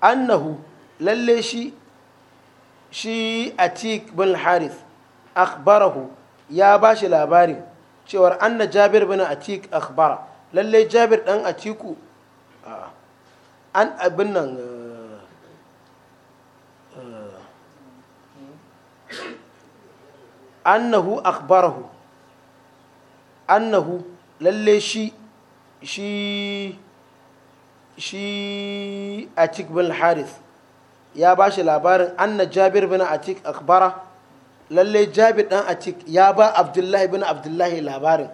annahu lalle shi shi atik bin harith akbarahu ya ba shi labarin cewar anna jabir bin atik akhbara lallai jabir dan atiku an abin nan annahu akhbarahu annahu lalle shi shi shi atik bin harith ya bashi shi labarin anna jabir bin atik akbara Lallai Jabi dan atik ya ba abdullahi bin abdullahi labarin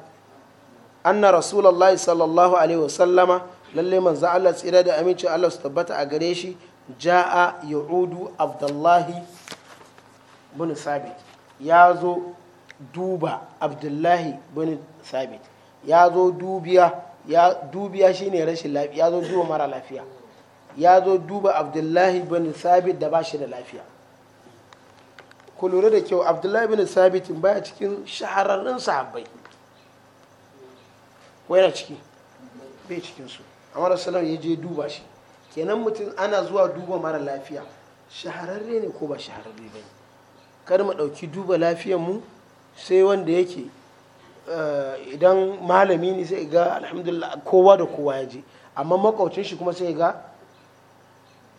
anna rasulullahi sallallahu alaihi wasallama lalle manzo Allah tsira da aminci Allah su tabbata a gare shi ja'a ya'udu abdullahi bin sabit ya zo duba abdullahi bin sabit ya zo dubiya ya dubiya shine rashin lafiya ya zo duba mara lafiya ya zo duba abdullahi bin sabit da ba shi da lafiya ku lura da kyau abdullahi bin Sabitin baya cikin shahararrun sahabbai ko yana ciki bai cikin su amma rasulullah ya je duba shi kenan mutum ana zuwa duba mara lafiya shahararre ne ko ba shahararre ba kar mu ɗauki duba lafiyar mu sai wanda yake eh, idan malami ne sai ga alhamdulillah kowa da kowa ya je amma makwacin shi kuma sai ga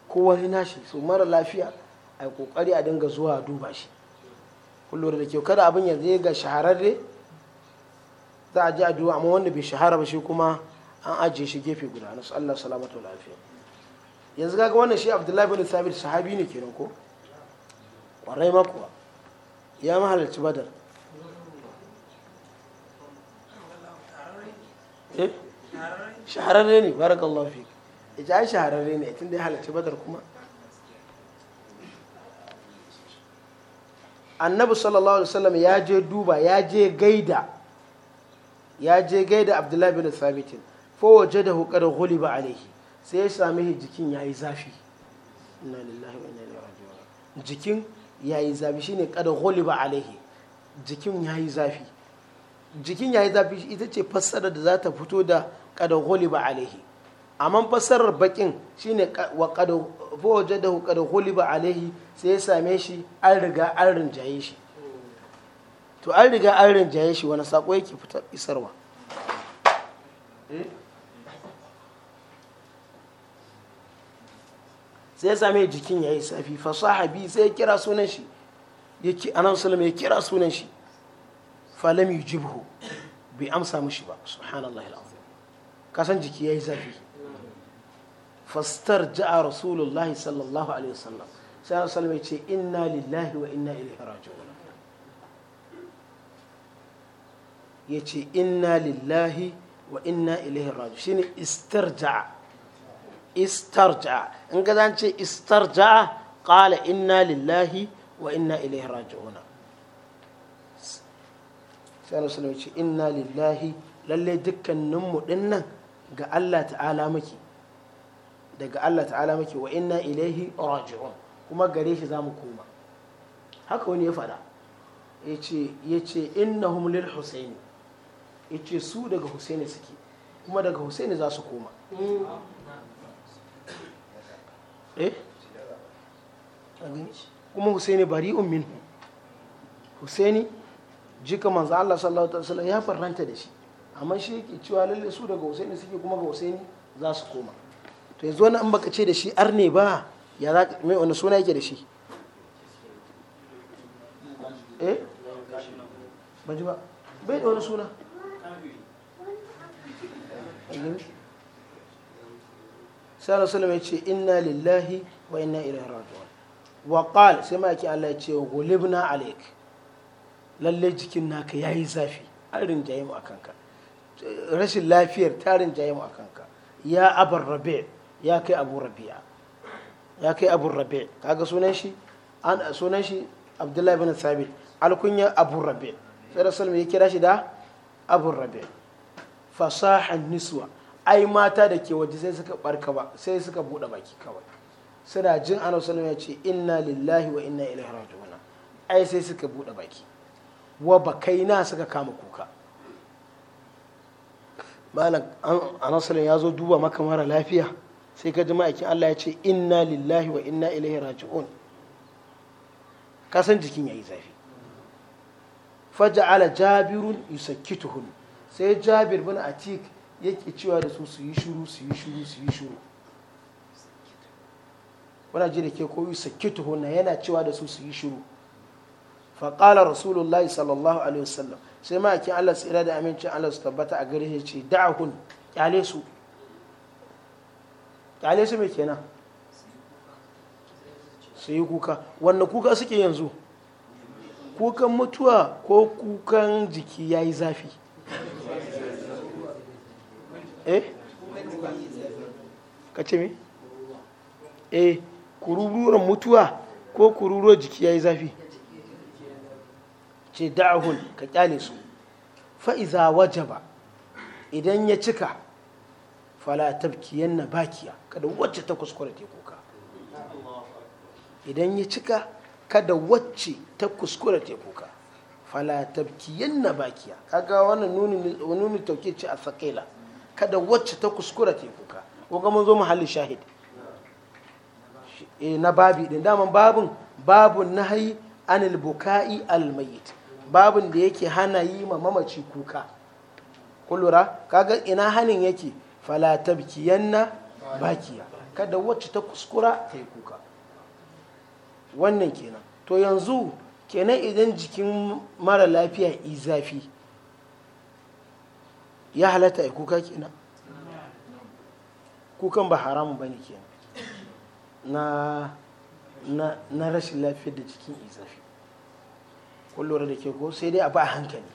kowa ne nashi so mara lafiya a kokari a dinga zuwa duba shi kullum da kyau kada abin ya zai ga shahararre za a ji a duba amma wanda bai shahara ba shi kuma an ajiye shi gefe guda na Allah salamatu lafiya yanzu kaga wannan shi Abdullahi bin Sabir sahabi ne kenan ko kwarai makuwa ya mahalarci Badar eh? shahararre ne barakallahu fik ita ai shahararre ne tun da ya halarci Badar kuma annabi sallallahu alaihi wasallam ya je duba ya je gaida ya je gaida abdullahi bin sabitin thabitin fa wajadahu qad ghuliba alaihi sai ya sami jikin ya yi zafi inna lillahi wa inna ilaihi raji'un jikin yi zafi shine qad ghuliba alaihi jikin ya yi zafi jikin ya yi zafi ita ce fassara da za ta fito da qad ghuliba alaihi amma fassarar bakin shine wa da fawajadahu qad ghuliba alaihi sai ya same shi an riga an rinjaye shi to an riga an rinjaye shi wani sako yake fitar isarwa sai ya same jikin ya yi safi fa sahabi sai ya kira sunan shi yake anan sulama ya kira sunan shi falam lam yujibhu bai amsa mushi ba subhanallahi alazim kasan jiki yayi zafi fastar ja'a rasulullahi sallallahu alaihi wasallam sai Allah sallama ya ce inna lillahi wa inna ilaihi raji'un ya ce inna lillahi wa inna ilaihi raji'un shine istarja'a istarja'a in ga zan ce istarja'a qala inna lillahi wa inna ilaihi raji'un sai Allah sallama ya ce inna lillahi lalle dukkaninmu dinnan ga Allah ta'ala muke daga Allah ta'ala muke wa inna ilaihi raji'un kuma gare shi zamu koma haka wani ya faɗa yace yace innahum lil husaini yace su daga husaini suke kuma daga husaini za su koma eh? kuma husaini bari'un minhu husaini jika manzo Allah sallallahu alaihi wasallam ya faranta da shi amma shi yake cewa lalle su daga husaini suke kuma ga husaini za su koma to yanzu wani an baka ce da shi arne ba ya za mai wani suna yake da shi eh ban ji ba bai da wani suna sai salama ya ce inna lillahi wa inna ilaihi rajuwa wa qal sai ma yake Allah ya ce gulibna alaik lalle jikin naka ya yi zafi an rinjaye mu a kanka rashin lafiyar ta rinjaye mu a kanka ya abar ya kai abu rabi'a ya kai abu rabi' kaga sunan shi an sunan shi abdullahi bin sabit alkunya abu rabi' sai rasul ya kira shi da abu rabi' fasahan niswa ai mata da ke waje sai suka barka ba sai suka bude baki kawai suna jin ana sallallahu ya ce inna lillahi wa inna ilaihi raji'un ai sai suka bude baki wa bakaina suka kama kuka malam an ya zo duba maka mara lafiya sai ka ji ma'aikin Allah ya ce inna lillahi wa inna ilaihi raji'un ka san jikin yayi zafi faja'ala jabirun yusakkituhum sai jabir bin atik yake cewa da su su yi shuru su yi shuru su yi shuru wani ji da ke koyi sakkituhum yana cewa da su su yi shuru faƙala rasulullahi sallallahu alaihi wasallam sai ma'aikin Allah tsira da amincin Allah su tabbata a gare shi ce da'ahun kyale su kyale su mai kenan su yi kuka wanda kuka suke yanzu kukan mutuwa ko kukan jiki ya yi zafi eh ka ce mi eh kururuwar mutuwa ko kururuwar jiki ya yi zafi ce da'ahun ka kyale su fa'iza wajaba idan ya cika fala tabkiyan na bakiya kada wacce ta kuskure ta kuka idan ya cika kada wacce ta kuskure ta kuka fala tabkiyan na bakiya kaga wannan nuni nuni tauke ce a sakaila kada wacce ta kuskura ta kuka ko ga mun zo muhallin shahid eh, na babi din daman babun babun nahyi anil buka'i almayit babun da yake hana yi ma mamaci kuka kullura kaga ina hanin yake fala tabkiyanna bakiya kada wacce ta kuskura ta yi kuka wannan kenan to yanzu kenan idan jikin mara lafiya yi zafi ya halatta ya kuka kenan kukan ba haramu ba ne kenan na na, na rashin lafiyar da jikin yi zafi kullum da ke ko sai dai a ba hankali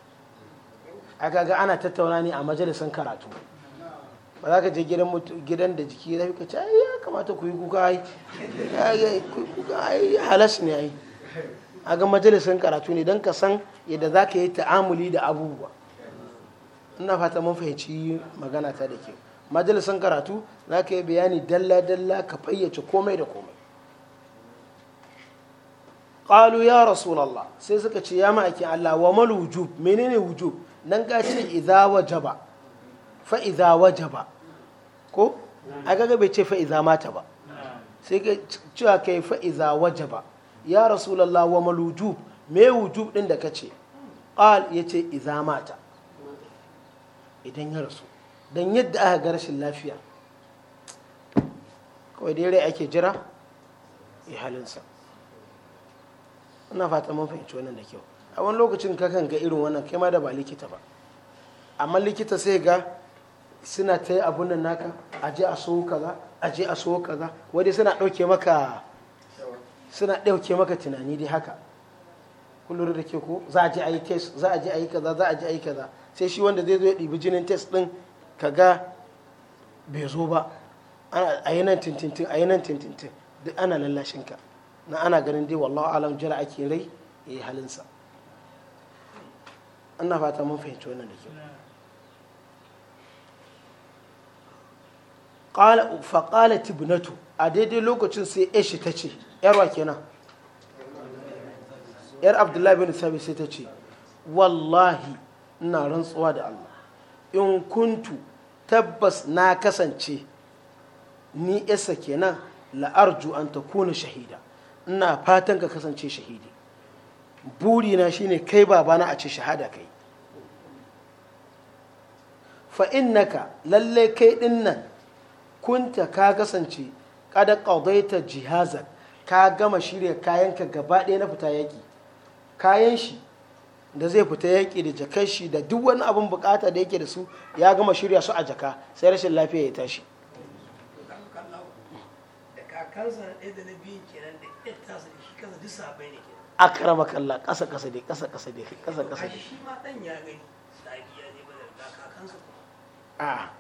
a ga ana tattauna ne a majalisar karatu ba za ka je gidan da jiki zafi ka ce ya kamata ku yi kuka yi halas ne yi a ga majalisun karatu ne don ka san yadda za ka yi ta'amuli da abubuwa ina fata mun fahimci magana ta da ke majalisun karatu za ka yi bayani dalla-dalla ka fayyace komai da komai ƙalu ya rasulallah sai suka ce ya ma'aikin allah wa mal wujub menene wujub nan ka ce idza wajaba fa'iza waje ba ko a gaga bai ce fa'iza mata ba sai ga cewa kai fa'iza waje ba ya rasulallah wa malujub me wujub din da ka ce ƙal ya ce iza mata idan ya rasu don yadda aka ga rashin lafiya kawai dai rai ake jira ya halinsa ina fata mun fahimci wannan da kyau a wani lokacin kakan ga irin wannan kai ma da ba likita ba amma likita sai ga suna ta yi abun nan naka a je a so kaza a je a so kaza wadda suna ɗauke maka suna ɗauke maka tunani dai haka kullum da ke ko za a je a yi test za a je a yi kaza za a je a yi kaza sai shi wanda zai zo ya ɗibi jinin test ɗin kaga bai zo ba a yi nan tintintin a yi nan tintintin duk ana lallashin ka na ana ganin dai wallahu alam jira ake rai ya yi halinsa ana fata mun fahimci wannan da kyau faƙala tibinatu a daidai lokacin sai ishi ta ce yarwa kenan yar abdullahi bin sabi sai ta ce wallahi ina rantsuwa da allah in kuntu tabbas na kasance ni isa kenan la'arju an ta kuna shahida ina fatan ka kasance shahidi burina shine kai babana a ce shahada kai fa naka lallai kai dinnan kunta ka kasance kada qadaita jihazak ka gama shirya kayanka gaba ɗaya na fita yaƙi kayan shi da zai fita yaƙi da jakar shi da duk wani abin bukata da yake da su ya gama shirya su a jaka sai rashin lafiya ya tashi a karama kalla ƙasa ƙasa dai ƙasa ƙasa dai ƙasa ƙasa dai a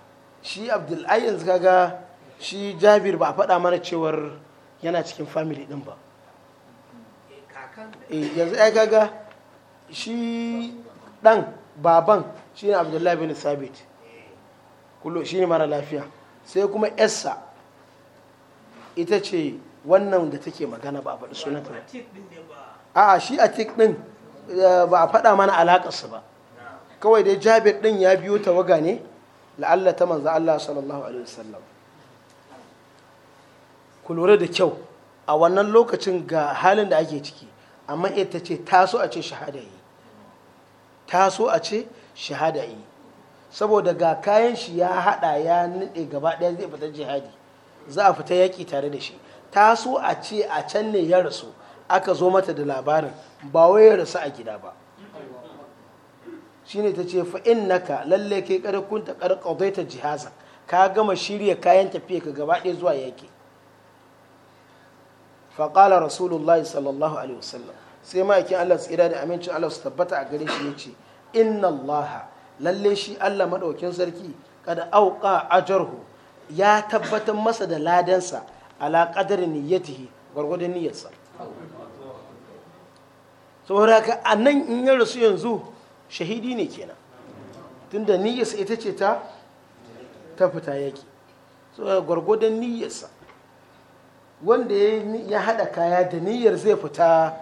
shi abdul yanzu kaga shi jabir ba a faɗa mana cewar yana cikin family ɗin ba eh, yanzu ya kaga shi ɗan baban shi ne abdullahi bin sabit shi ne mara lafiya sai kuma yarsa ita ce wannan da take magana ba a faɗi sunanta a shi a tik ɗin eh, ba a faɗa mana alaƙarsa ba kawai dai jabir ɗin ya biyo tawaga ne la'alla ta manzo Allah sallallahu alaihi wasallam ku lura da kyau a wannan lokacin ga halin da ake ciki amma ita ce taso a ce shahada yi taso a ce shahada yi saboda ga kayan shi ya hada ya nade gaba daya zai fita jihadi za a fita yaki tare da shi taso a ce a can ne ya rasu aka zo mata da labarin ba wai ya rasu a gida ba shine ta ce fa innaka lalle kai kada kunta ta qadaita jihaza ka gama shirya kayan tafiya ka gaba ɗaya zuwa yaki fa qala rasulullahi sallallahu alaihi wasallam sai ma'aikin Allah tsira da amincin Allah su tabbata a gare shi yace inna Allah lalle shi Allah madaukin sarki kada auqa ajarhu ya tabbatar masa da ladansa ala qadari niyyatihi niyyarsa saboda ka nan in ya rasu yanzu shahidi ne kenan tunda niyyarsa ita ce ta ta fita yaki so gwargwadon niyyarsa wanda ya haɗa kaya da niyyar zai fita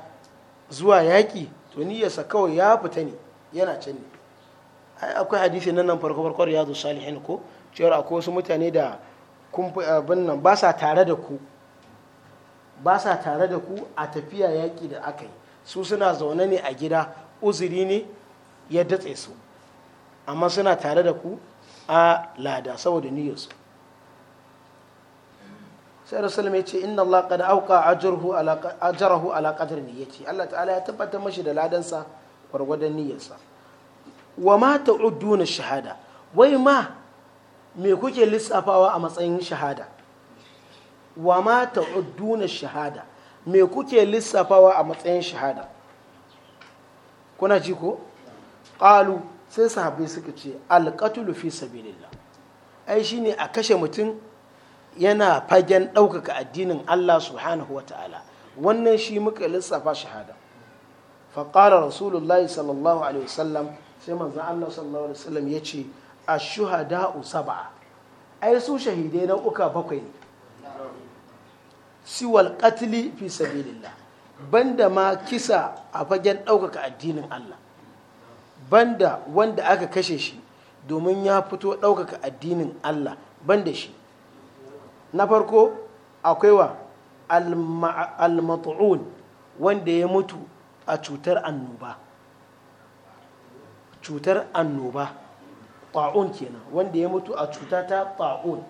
zuwa yaƙi to niyyarsa kawai ya fita ne yana can ne akwai hadisi nan nan farko farko zo salihin ko cewar akwai wasu mutane da abin nan ba sa tare da ku ba sa tare da ku a tafiya yaƙi da aka yi su suna zaune ne a gida uzuri ne ya datse su amma suna tare da ku a lada saboda niyyarsu sai rasulun ya ce inna Allah qad auka ajrahu ala qadri niyyati Allah ta'ala ya tabbatar mashi da ladansa gwargwadon niyyarsa wa ma ta'udduna shahada wai ma me kuke lissafawa a matsayin shahada wa ma ta'udduna shahada me kuke lissafawa a matsayin shahada kuna ji ko qalu sai sahabbai suka ce alqatulu fi sabilillah ai shine a kashe mutum yana fagen ɗaukaka addinin Allah subhanahu wa ta'ala wannan shi muka lissafa shahada faƙara rasulullahi sallallahu alaihi wasallam sai manzan Allah sallallahu alaihi wasallam ya ce a shuhada'u saba'a ai su shahidai na uka bakwai ne siwal qatli fi sabilillah banda ma kisa a fagen ɗaukaka addinin Allah banda wanda aka kashe shi domin ya fito ɗaukaka addinin Allah banda shi na farko akwai wa al wanda ya mutu a cutar annoba cutar annoba ta'un kenan wanda ya mutu a cuta ta ta'un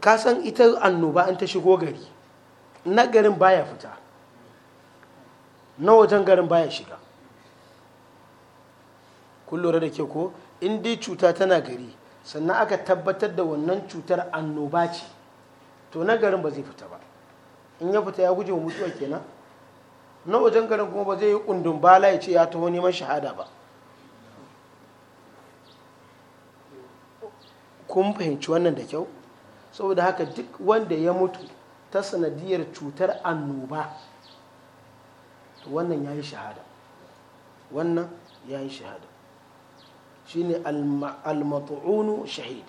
ka san ita annoba an ta shigo gari na garin baya fita na wajen garin baya shiga kun lura da ke ko in dai cuta tana gari sannan aka tabbatar da wannan cutar annoba ce to na garin ba zai fita ba in ya fita ya guje wa mutuwa kenan na wajen garin kuma ba zai yi kundin bala ya ce ya taho neman shahada ba kun fahimci wannan da kyau saboda haka duk wanda ya mutu ta sanadiyar cutar annoba to wannan ya yi shahada wannan ya yi shahada shine al-mat'unu shahid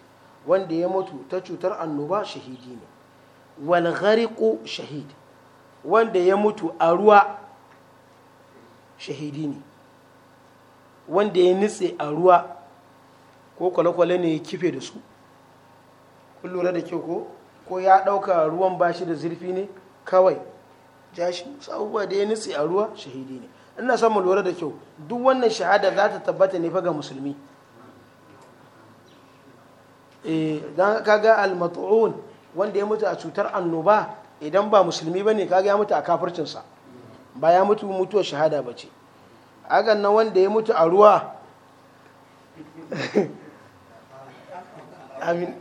wanda ya mutu ta cutar annoba shahidi ne wal ghariqu shahid wanda ya mutu a ruwa shahidi ne wanda ya nitse a ruwa ko kwale-kwale ne ya kife da su kun lura da kyau ko ko ya ɗauka ruwan bashi da zurfi ne kawai jashi sabuwa da ya nitse a ruwa shahidi ne ina son mu lura da kyau duk wannan shahada za ta tabbata ne fa ga musulmi Eh, don kaga almatu'un wanda ya mutu a cutar annoba idan ba musulmi ba ne kaga ya mutu a kafircinsa ba ya mutu mutuwar shahada ba ce hakan nan wanda ya mutu a ruwa amin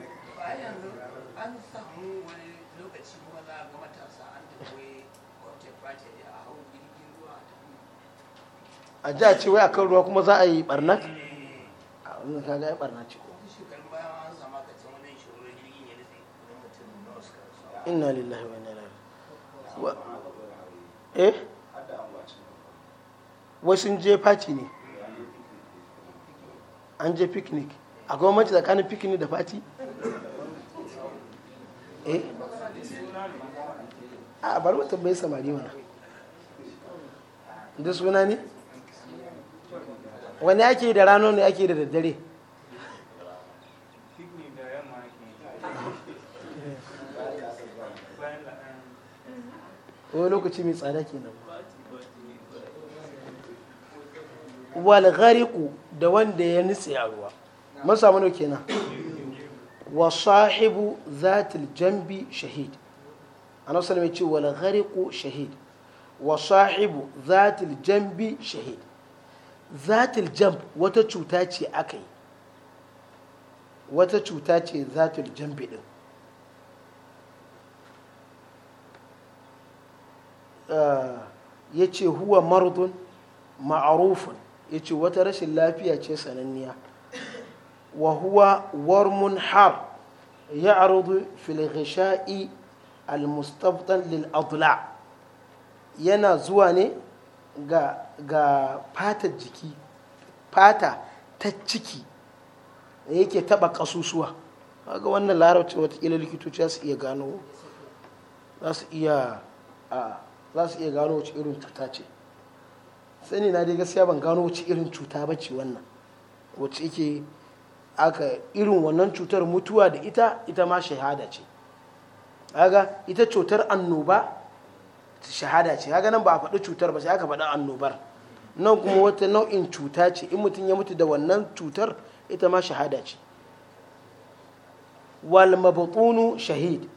a ji a ce wai a kan ruwa kuma za a yi barna? Eh. a wani kaga ya barnaci ko inna lillahi wa inna ilaihi wa eh wai sun je fati ne an je picnic akwai mace tsakanin picnic da fati eh a bar mu tambayi samari mana da suna ne wani ake da rano ne ake da daddare wani lokaci mai tsada kenan wal ghariqu da wanda ya nitse a ruwa mun samu kenan wa sahibu zatil jambi shahid annabi sallallahu ce wal shahid wa sahibu zatil jambi shahid zatil jamb wata cuta ce yi wata cuta ce zatil jambi din ya ce huwa mardun ma'arufun ya ce wata rashin lafiya ce sananniya wa huwa warmun har ya arudu filhisha'i lil lil'adula yana zuwa ne ga fatar jiki fata ta ciki da yake taba kasusuwa ga wannan larabci watakila likitoci su iya gano za su iya za su iya gano wace irin cuta ce sani na dai gaskiya ban gano wace irin cuta ba ce wannan wacce yake aka irin wannan cutar mutuwa da ita ita ma shahada ce haga ita cutar annoba shahada ce haga nan ba a faɗi cutar ba sai aka faɗi annobar nan kuma wata nau'in cuta ce in mutum ya mutu da wannan cutar ita ma shahada ce wal mabutunu shahid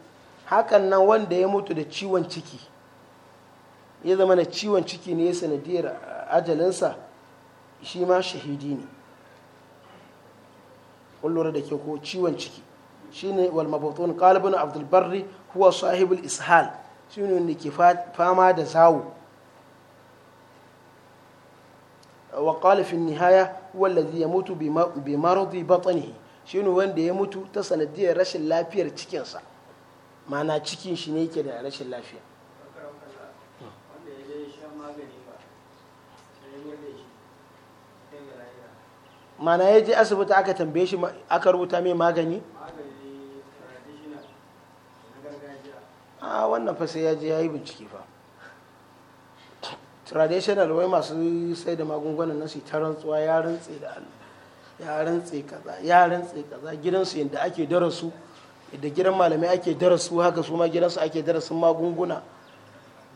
hakan nan wanda ya mutu da ciwon ciki ya zama na ciwon ciki ne sanadiyar ajalinsa shi ma shahidi ne kullura da ke ko ciwon ciki shi ne walmabutun kalibin abdulbarri huwa sahibul ishal shi ne wanda ke fama da zawo wa kalifin nihaya wallazi ya mutu bi marudi batanihi shi ne wanda ya mutu ta sanadiyar rashin lafiyar cikinsa mana cikin shi ne yake da rashin lafiya mana ya je asibiti aka tambaye shi aka rubuta mai magani a wannan fa ya je ya yi bincike fa traditional wai masu sai da magungunan nan ta rantsuwa ya rantse da Allah kaza ya rantse kaza gidansu yadda ake darasu yadda gidan malamai ake darasu haka su ma gidansu ake darasin magunguna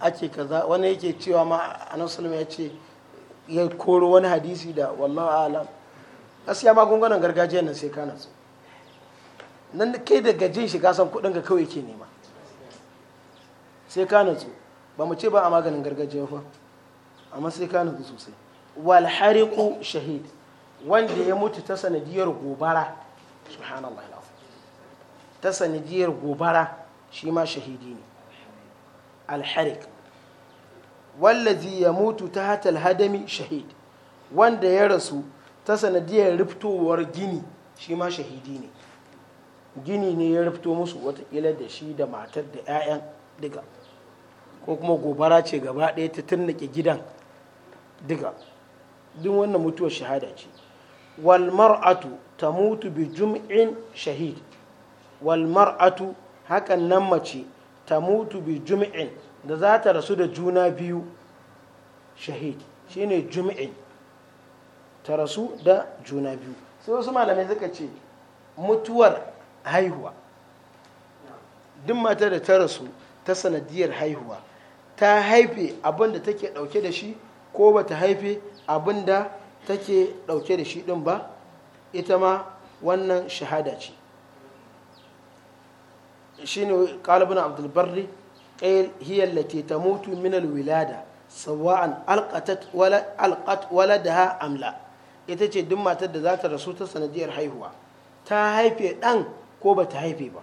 ake kaza wani yake cewa ma annabi ya ce ya koro wani hadisi da wallahu alam gaskiya magungunan gargajiyar nan sai kana su nan kai daga jin shiga san kudin ga kawai ke nema sai ka natsu ba mu ce ba a maganin gargajiya fa amma sai ka natsu sosai wal hariqu shahid wanda ya mutu ta sanadiyar gobara subhanallah ta sanadiyar gobara shi ma shahidi ne al hariq wallazi ya mutu ta hatal hadami shahid wanda ya rasu ta sanadiyar riftowar gini shi ma shahidi ne gini ne ya rifto musu watakila da shi da matar da 'ya'yan diga ko kuma gobara ce gaba ɗaya ta tunnake gidan duka duk wannan mutuwar shahada ce walmar'atu ta mutu bi jum'in shahid walmar'atu atu hakan nan mace ta mutu bi jum'in da za ta rasu da juna biyu shahid shine jum'in ta rasu da juna biyu sai wasu malamai suka ce mutuwar haihuwa duk mata da ta rasu ta sanadiyar haihuwa ta haife abin da take dauke da shi ko ba ta haife abin da take dauke da shi din ba ita ma wannan shahada ce shine ne abdul barri ƙayar hiya allati tamutu min wilada sawa'an alqatat wala ha amla ita ce duk matar da za ta rasu ta sanadiyar haihuwa ta haife ɗan ko ba ta haife ba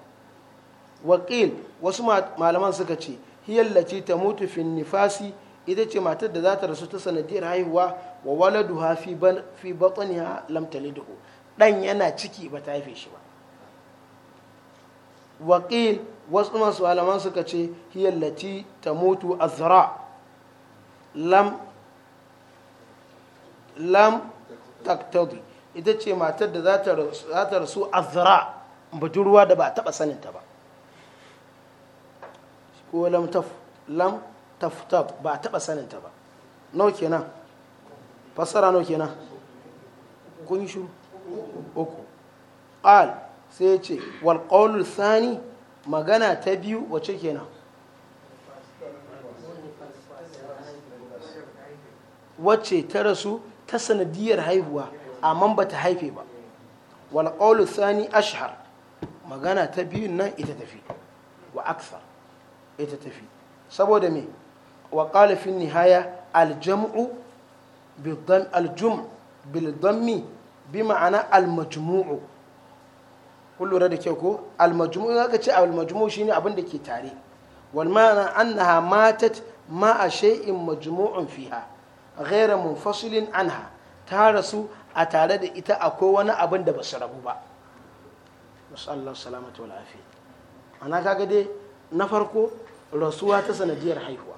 wakil wasu malaman suka ce hiyallaci ta mutu fin nifasi ita ce matar da za ta rasu ta sanadiyar haihuwa wa waladuha fi batsaniya lam taliduhu ɗan yana ciki ba ta haife shi ba wakil wasu masu malaman suka ce hiyallaci ta mutu azra lam lam taktaudi ita ce matar da za ta rasu azra budurwa da ba a taba saninta ba ko lam taf taftab ba a taba saninta ba na kenan fasara nawa kenan kun yi shuru uku qal sai ce wal sani magana ta biyu wace kenan wacce ta rasu ta sanadiyar haihuwa amma ba ta haife ba wal qawlu thani ashhar magana ta biyun nan ita tafi wa akthar ita tafi saboda me wa qala fi nihaya al jam'u bil dam al bil bi ma'ana al majmu'u kun lura da kyau ko al majmu'u zaka ce al shi shine abin da ke tare wal annaha matat ma'a shay'in majmu'un fiha ghera munfasilin anha ta rasu a tare da ita akwai wani abin da ba su rabu ba Allah salamatu wal afiya ana kaga dai na farko rasuwa ta sanadiyar haihuwa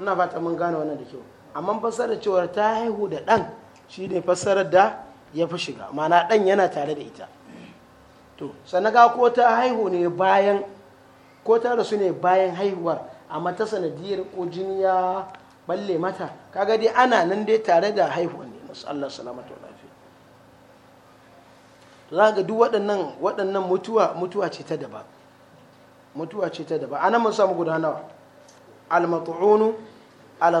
ina fata mun gane wannan da kyau amma fassarar cewar ta haihu da ɗan shi ne fassarar da ya fi shiga mana ɗan yana tare da ita to sanaka ko ta haihu ne bayan ko ta rasu ne bayan haihuwar amma ta sanadiyar ko jini balle mata kaga dai ana nan dai tare da haihuwa ne masu Allah salamata wa lafiya za ga duk waɗannan waɗannan mutuwa mutuwa ce ta daba mutuwa ce ta daban anan mun samu guda nawa al-mat'unu al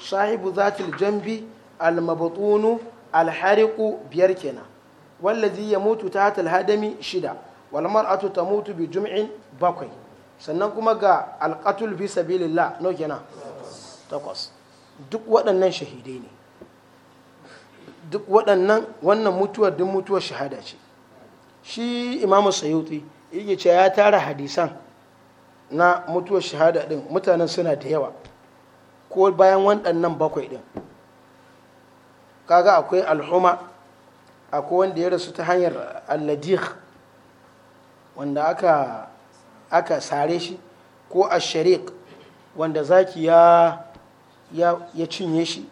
sahibu zatil jambi al-mabtunu al biyar kenan wallazi yamutu tahta al-hadami shida wal mar'atu tamutu bi jum'in bakwai sannan kuma ga al fi sabilillah no kenan takwas duk waɗannan shahidai ne duk waɗannan wannan mutuwar duk mutuwar shahada ce shi imamu sayuti yake ce ya tara hadisan na mutuwar shahada ɗin mutanen suna da yawa ko bayan waɗannan bakwai ɗin kaga akwai alhuma akwai wanda ya rasu ta hanyar alladih wanda aka aka sare shi ko ashariq wanda zaki ya ya cinye shi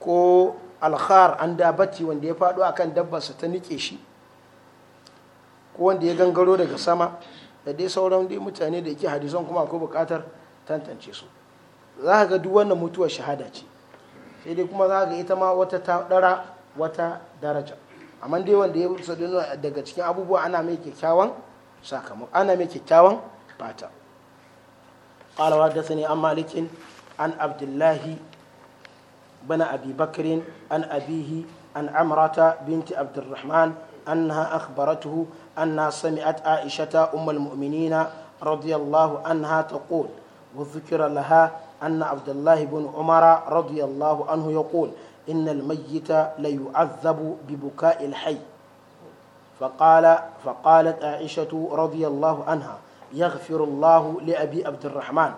ko alkhar an dabati wanda ya faɗo akan dabbarsa ta nike shi ko wanda ya gangaro daga sama da dai sauran dai mutane da yake hadison kuma akwai buƙatar tantance su za ka ga duk wannan mutuwar shahada ce sai dai kuma za ka ga ita ma wata ɗara wata daraja amma dai wanda ya daga cikin abubuwa ana mai kyakkyawan sakamako ana mai kyakkyawan fata قال وحدثني عن مالك عن عبد الله بن أبي بكر عن أبيه عن عمرة بنت عبد الرحمن أنها أخبرته أنها سمعت عائشة أم المؤمنين رضي الله عنها تقول وذكر لها أن عبد الله بن عمر رضي الله عنه يقول إن الميت ليعذب ببكاء الحي فقال فقالت عائشة رضي الله عنها يغفر الله لأبي عبد الرحمن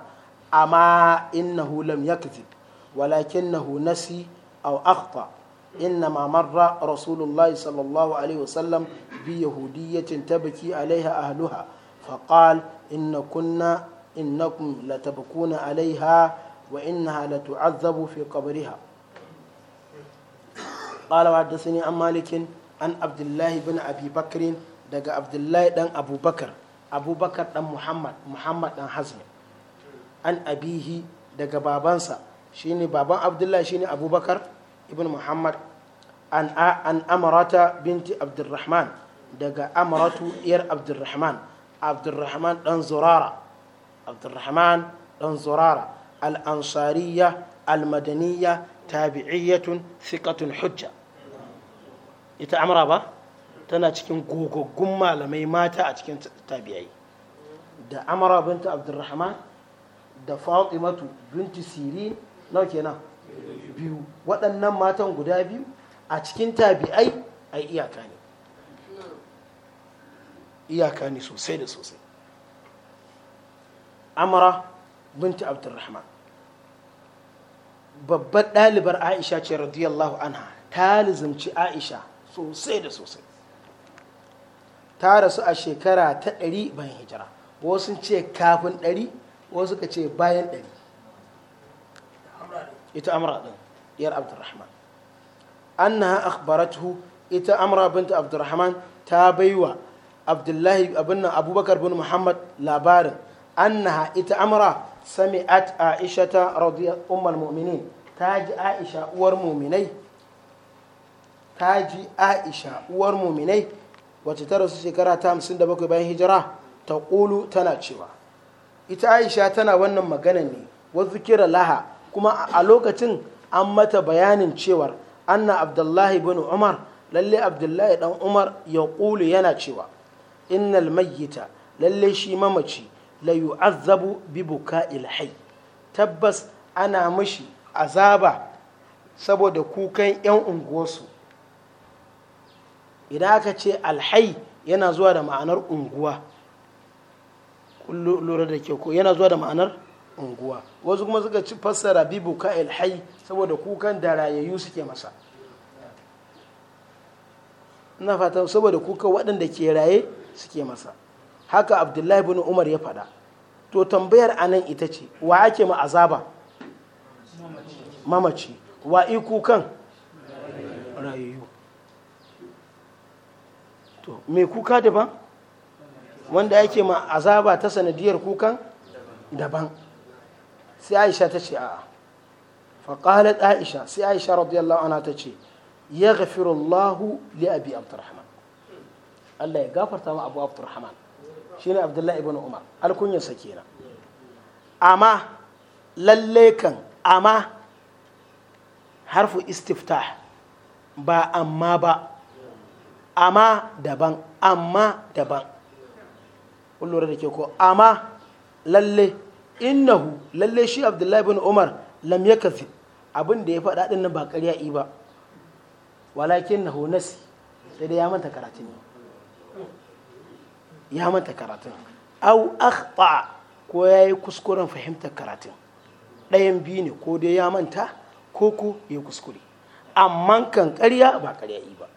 أما إنه لم يكذب ولكنه نسي أو أخطأ إنما مر رسول الله صلى الله عليه وسلم بيهودية تبكي عليها أهلها فقال إن كنا إنكم لتبكون عليها وإنها لتعذب في قبرها قال وحدثني عن مالك عن عبد الله بن أبي بكر دق عبد الله بن أبو بكر abubakar dan muhammad muhammad dan hazmi an abihi daga babansa shine baban abdullahi shine abubakar ibn muhammad an an amarata binti abdurrahman daga amaratu iyar abdurrahman abdurrahman dan zurara abdurrahman dan zurara al-ansariya al-madaniya tabi'iyyatun thiqatun hujja ita amra ba tana cikin gogaggun malamai mata a cikin tabiyai da amara binta abdurrahman da fatimatu binti sirin nau kenan biyu waɗannan matan guda biyu a cikin tabi'ai a iyaka ne iyaka ne sosai da sosai amara binti abdurrahman babbar ɗalibar aisha ce radiyallahu anha ta lizimci aisha sosai da sosai ta rasu a shekara ta ɗari bayan hijira wasu ce kafin ɗari wasu ka ce bayan ɗari ita amra ɗin yar abdurrahman annaha akhbaratuhu ita amra binta abdurrahman ta baiwa abdullahi abin nan abubakar bin muhammad labarin annaha ita amra sami'at aisha ta radiyar ummul mu'minin ta ji aisha uwar muminai ta ji aisha uwar muminai Wace ta rasu shekara ta hamsin da bakwai bayan hijira ta ƙulu tana cewa ita aisha tana wannan magana ne wasu kira laha kuma a lokacin an mata bayanin cewar anna abdullahi bin umar lalle abdullahi dan umar ya ƙulu yana cewa innal mayyita lalle shi mamaci la yu'azzabu bi buka'il hayy tabbas ana mashi azaba saboda kukan 'yan unguwarsu idan aka ce alhai yana zuwa da ma'anar unguwa lura da ke ko yana zuwa da ma'anar unguwa wasu kuma suka ci fassara bibu ka alhai saboda kukan da rayayyu suke masa ina fata saboda kuka waɗanda ke raye suke masa haka abdullahi bin umar ya faɗa to tambayar anan ita ce wa ake ma azaba mamaci wa ikukan rayayyu to mai kuka daban wanda ake ma azaba ta sanadiyar kukan daban sai aisha ta ce a'a faƙalat aisha sai aisha radiyallahu anha ta ce ya gafirullahu li abi abdurrahman Allah ya gafarta ma abu abdurrahman shine abdullahi ibn umar alkunyarsa kenan amma lalle kan amma harfu istifta ba amma ba amma daban amma daban kun da ke ko amma lalle innahu lalle shi abdullahi bin umar lam ya kafi abin da ya faɗa ɗin nan ba ƙarya i ba walakin na honasi sai dai ya manta karatun ya manta karatu au akhta ko ya yi kuskuren fahimtar karatun ɗayan biyu ne ko dai ya manta ko ko ya kuskure amma kan ƙarya ba ƙarya i ba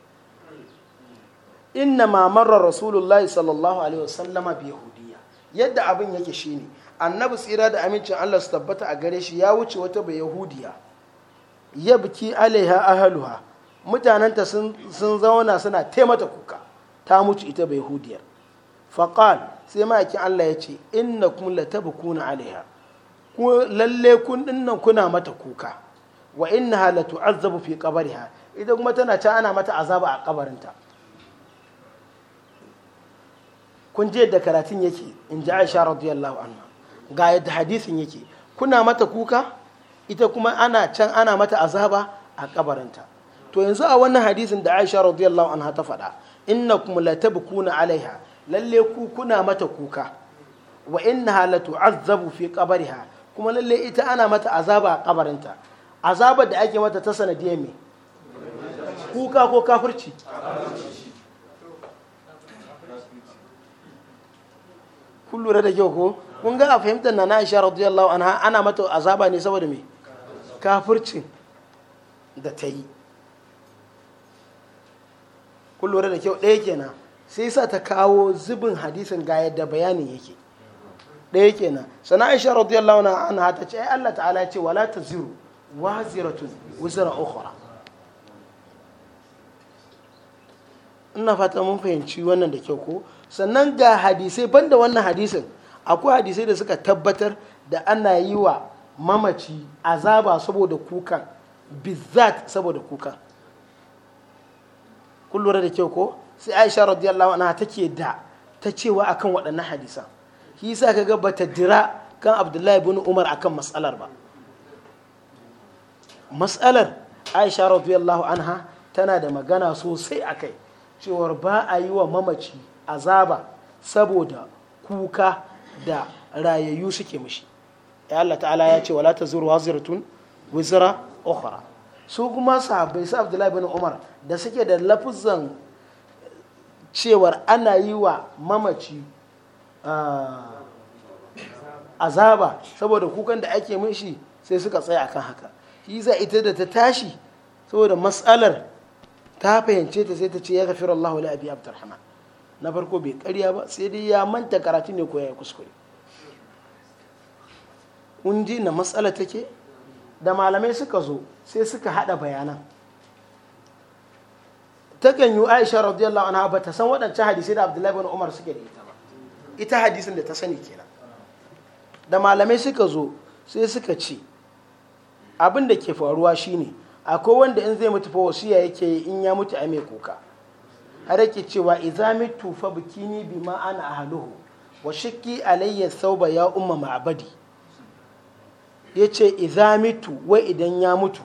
inna ma rasulullahi sallallahu alaihi wasallama bi yahudiya yadda abin yake shine annabi tsira da amincin Allah su tabbata a gare shi ya wuce wata bai yahudiya ya biki alaiha ahaluha mutananta sun zauna suna taimata kuka ta mutu ita bai yahudiyar faqal sai ma'aikin Allah ya ce innakum latabkuna alaiha ku lalle kun dinnan kuna mata kuka wa inna la tu'azzabu fi qabriha idan kuma tana ta ana mata azaba a kabarinta kun je da karatun yake in ji aisha radiyallahu anha ga yadda hadisin yake kuna mata kuka ita kuma ana can ana mata azaba a kabarinta to yanzu a wannan hadisin da aisha radiyallahu anha ta faɗa innakum latabkuna alaiha lalle ku kuna mata kuka wa halatu, azabu fi qabriha kuma lalle ita ana mata azaba a kabarinta azabar da ake mata ta sanadiyar me kuka ko kafirci kun lura da kyau ko kun ga a fahimtar na Aisha radiyallahu anha ana mata azaba ne saboda me kafircin da ta yi kun lura da kyau ɗaya kenan sai sa ta kawo zubin hadisin ga yadda bayanin yake ɗaya kenan sana Aisha radiyallahu anha ta ce ai Allah ta'ala ce wala taziru waziratun wuzra ukhra ina fata mun fahimci wannan da kyau ko sannan ga hadisai banda wannan hadisin akwai hadisai da suka tabbatar da ana yi wa mamaci azaba saboda kukan bizzat saboda kukan kullum da kyau ko sai aisha radiyallahu anha take da ta cewa akan waɗannan hadisan shi ka kaga bata dira kan abdullahi ibn umar akan matsalar ba matsalar aisha radiyallahu anha tana da magana sosai akai cewar ba a yi wa mamaci azaba saboda kuka da rayayyu suke mishi ya Allah ta'ala ya ce wala tazuru waziratun wizra ukhra su kuma sahabbai su Abdullahi bin Umar da suke da lafuzan cewa ana yi wa mamaci ah, azaba saboda kukan da ake mishi sai suka tsaya akan haka shi za ita da ta tashi saboda matsalar ta fahimce ta sai ta ce ya gafira Allah li abi Abdurrahman na farko bai karya ba sai dai ya manta karatu ne koya ya kuskure ƙunji na matsala take da malamai suka zo sai suka hada bayanan takan yi aisha radiyallahu anha ba ta san waɗancan hadisai da abdullahi bin umar suke da ita ba ita hadisin da ta sani kenan da malamai suka zo sai suka ce abin da ke faruwa shine akwai wanda in zai mutu fa wasiya yake in ya mutu a mai kuka har yake cewa idza mitu fa bikini bima ana ahluhu wa shakki alayya sauba ya umma ma'abadi yace izamitu mitu wa idan ya mutu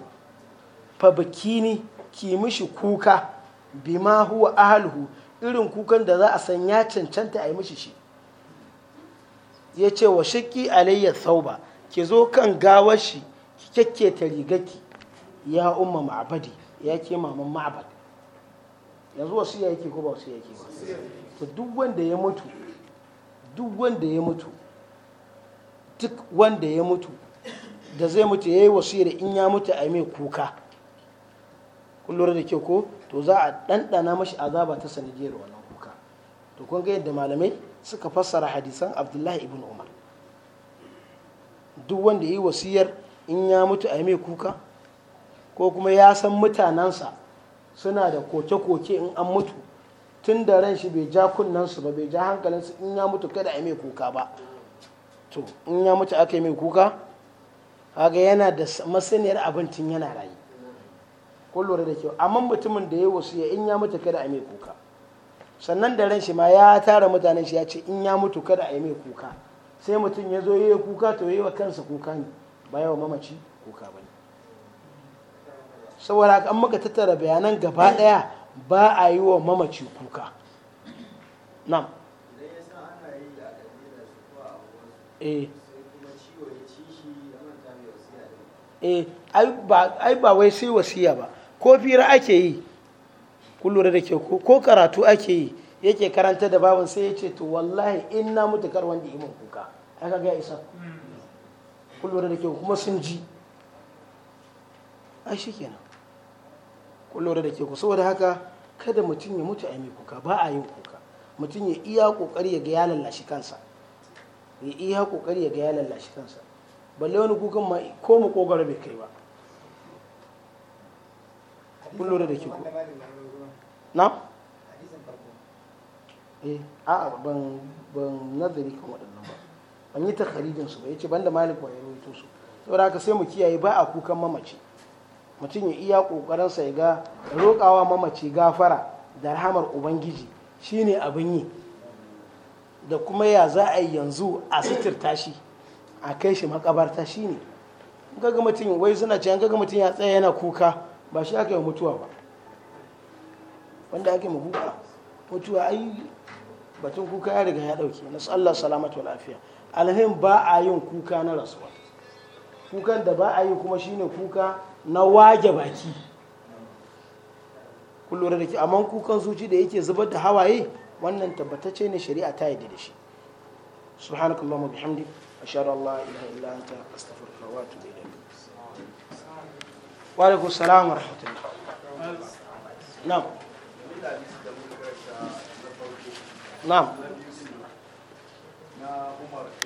fa bikini ki mishi kuka bima huwa ahluhu irin kukan da za a san ya cancanta a yi mishi shi yace wa shakki alayya sauba ki zo kan gawar shi ki kyakketa rigarki ya umma ma'abadi ya ke maman ma'abad yanzu wasiya yake ko ba wasiya yake ba to duk wanda ya mutu duk wanda ya mutu duk wanda ya mutu da zai mutu ya yayi wasiyar in ya mutu a yi mai kuka kullum da ke ko to za a ɗanɗana mashi azaba ta sanadiyar wannan kuka to kun ga yadda malamai suka fassara hadisan abdullahi ibn umar duk wanda ya yi wasiyar in ya mutu a yi mai kuka ko kuma ya san mutanensa suna da koke-koke in an mutu tun da ran shi bai ja kunnansu ba bai ja hankalinsu in ya mutu kada a mai kuka ba to in ya mutu aka yi mai kuka haga yana da masaniyar abincin yana rayu kullum da kyau amma mutumin da ya wasu ya in ya mutu kada a mai kuka sannan da ran shi ma ya tara mutanen shi ya ce in ya mutu kada a mai kuka sai mutum ya zo ya yi kuka to ya yi wa kansa kuka ne ba yawa mamaci kuka ba ne saboda an muka tattara bayanan gaba daya ba a yi wa mamaci kuka nam eh. eh, ai ba wai sai wasiya ba ko fira ake yi kullum da ke ko karatu ake yi yake karanta da babin sai ya ce to wallahi in na mutu kar wanda iman kuka aka ga isa hmm. kullum da ke kuma sun ji ai shi kenan kullum da ke ku saboda haka kada mutum ya mutu a yi kuka ba a yin kuka mutum ya iya kokari ya ga ya lallashi kansa ya iya kokari ya ga ya lallashi kansa balle wani kukan ma ko mu kokara bai kai ba kun da ke ku na eh a ban ban nazari kan waɗannan ba an yi takharijin su ba yace banda malik wa ya rawaito su saboda haka sai mu kiyaye ba a kukan mamaci mutum ya iya ƙoƙarinsa ya ga roƙawa mamaci gafara da rahamar ubangiji shine abin yi da kuma ya za a yi yanzu a sitirta shi a kai shi makabarta ne gaga mutum wai suna ce gaga mutum ya tsaye yana kuka ba shi aka yi mutuwa ba wanda ake mu kuka mutuwa ai batun kuka ya riga ya dauke nasu Allah salamatu lafiya alhain ba a yin kuka na rasuwa kukan da ba a yi kuma shine kuka na wage baki kullum da ke amma kukan zuci da yake zubar da hawaye wannan tabbatacce ne shari'a ta yi da shi subhanakallahumma bihamdik ashhadu an la ilaha illa anta astaghfiruka wa atubu ilayk وعليكم السلام ورحمة الله نعم نعم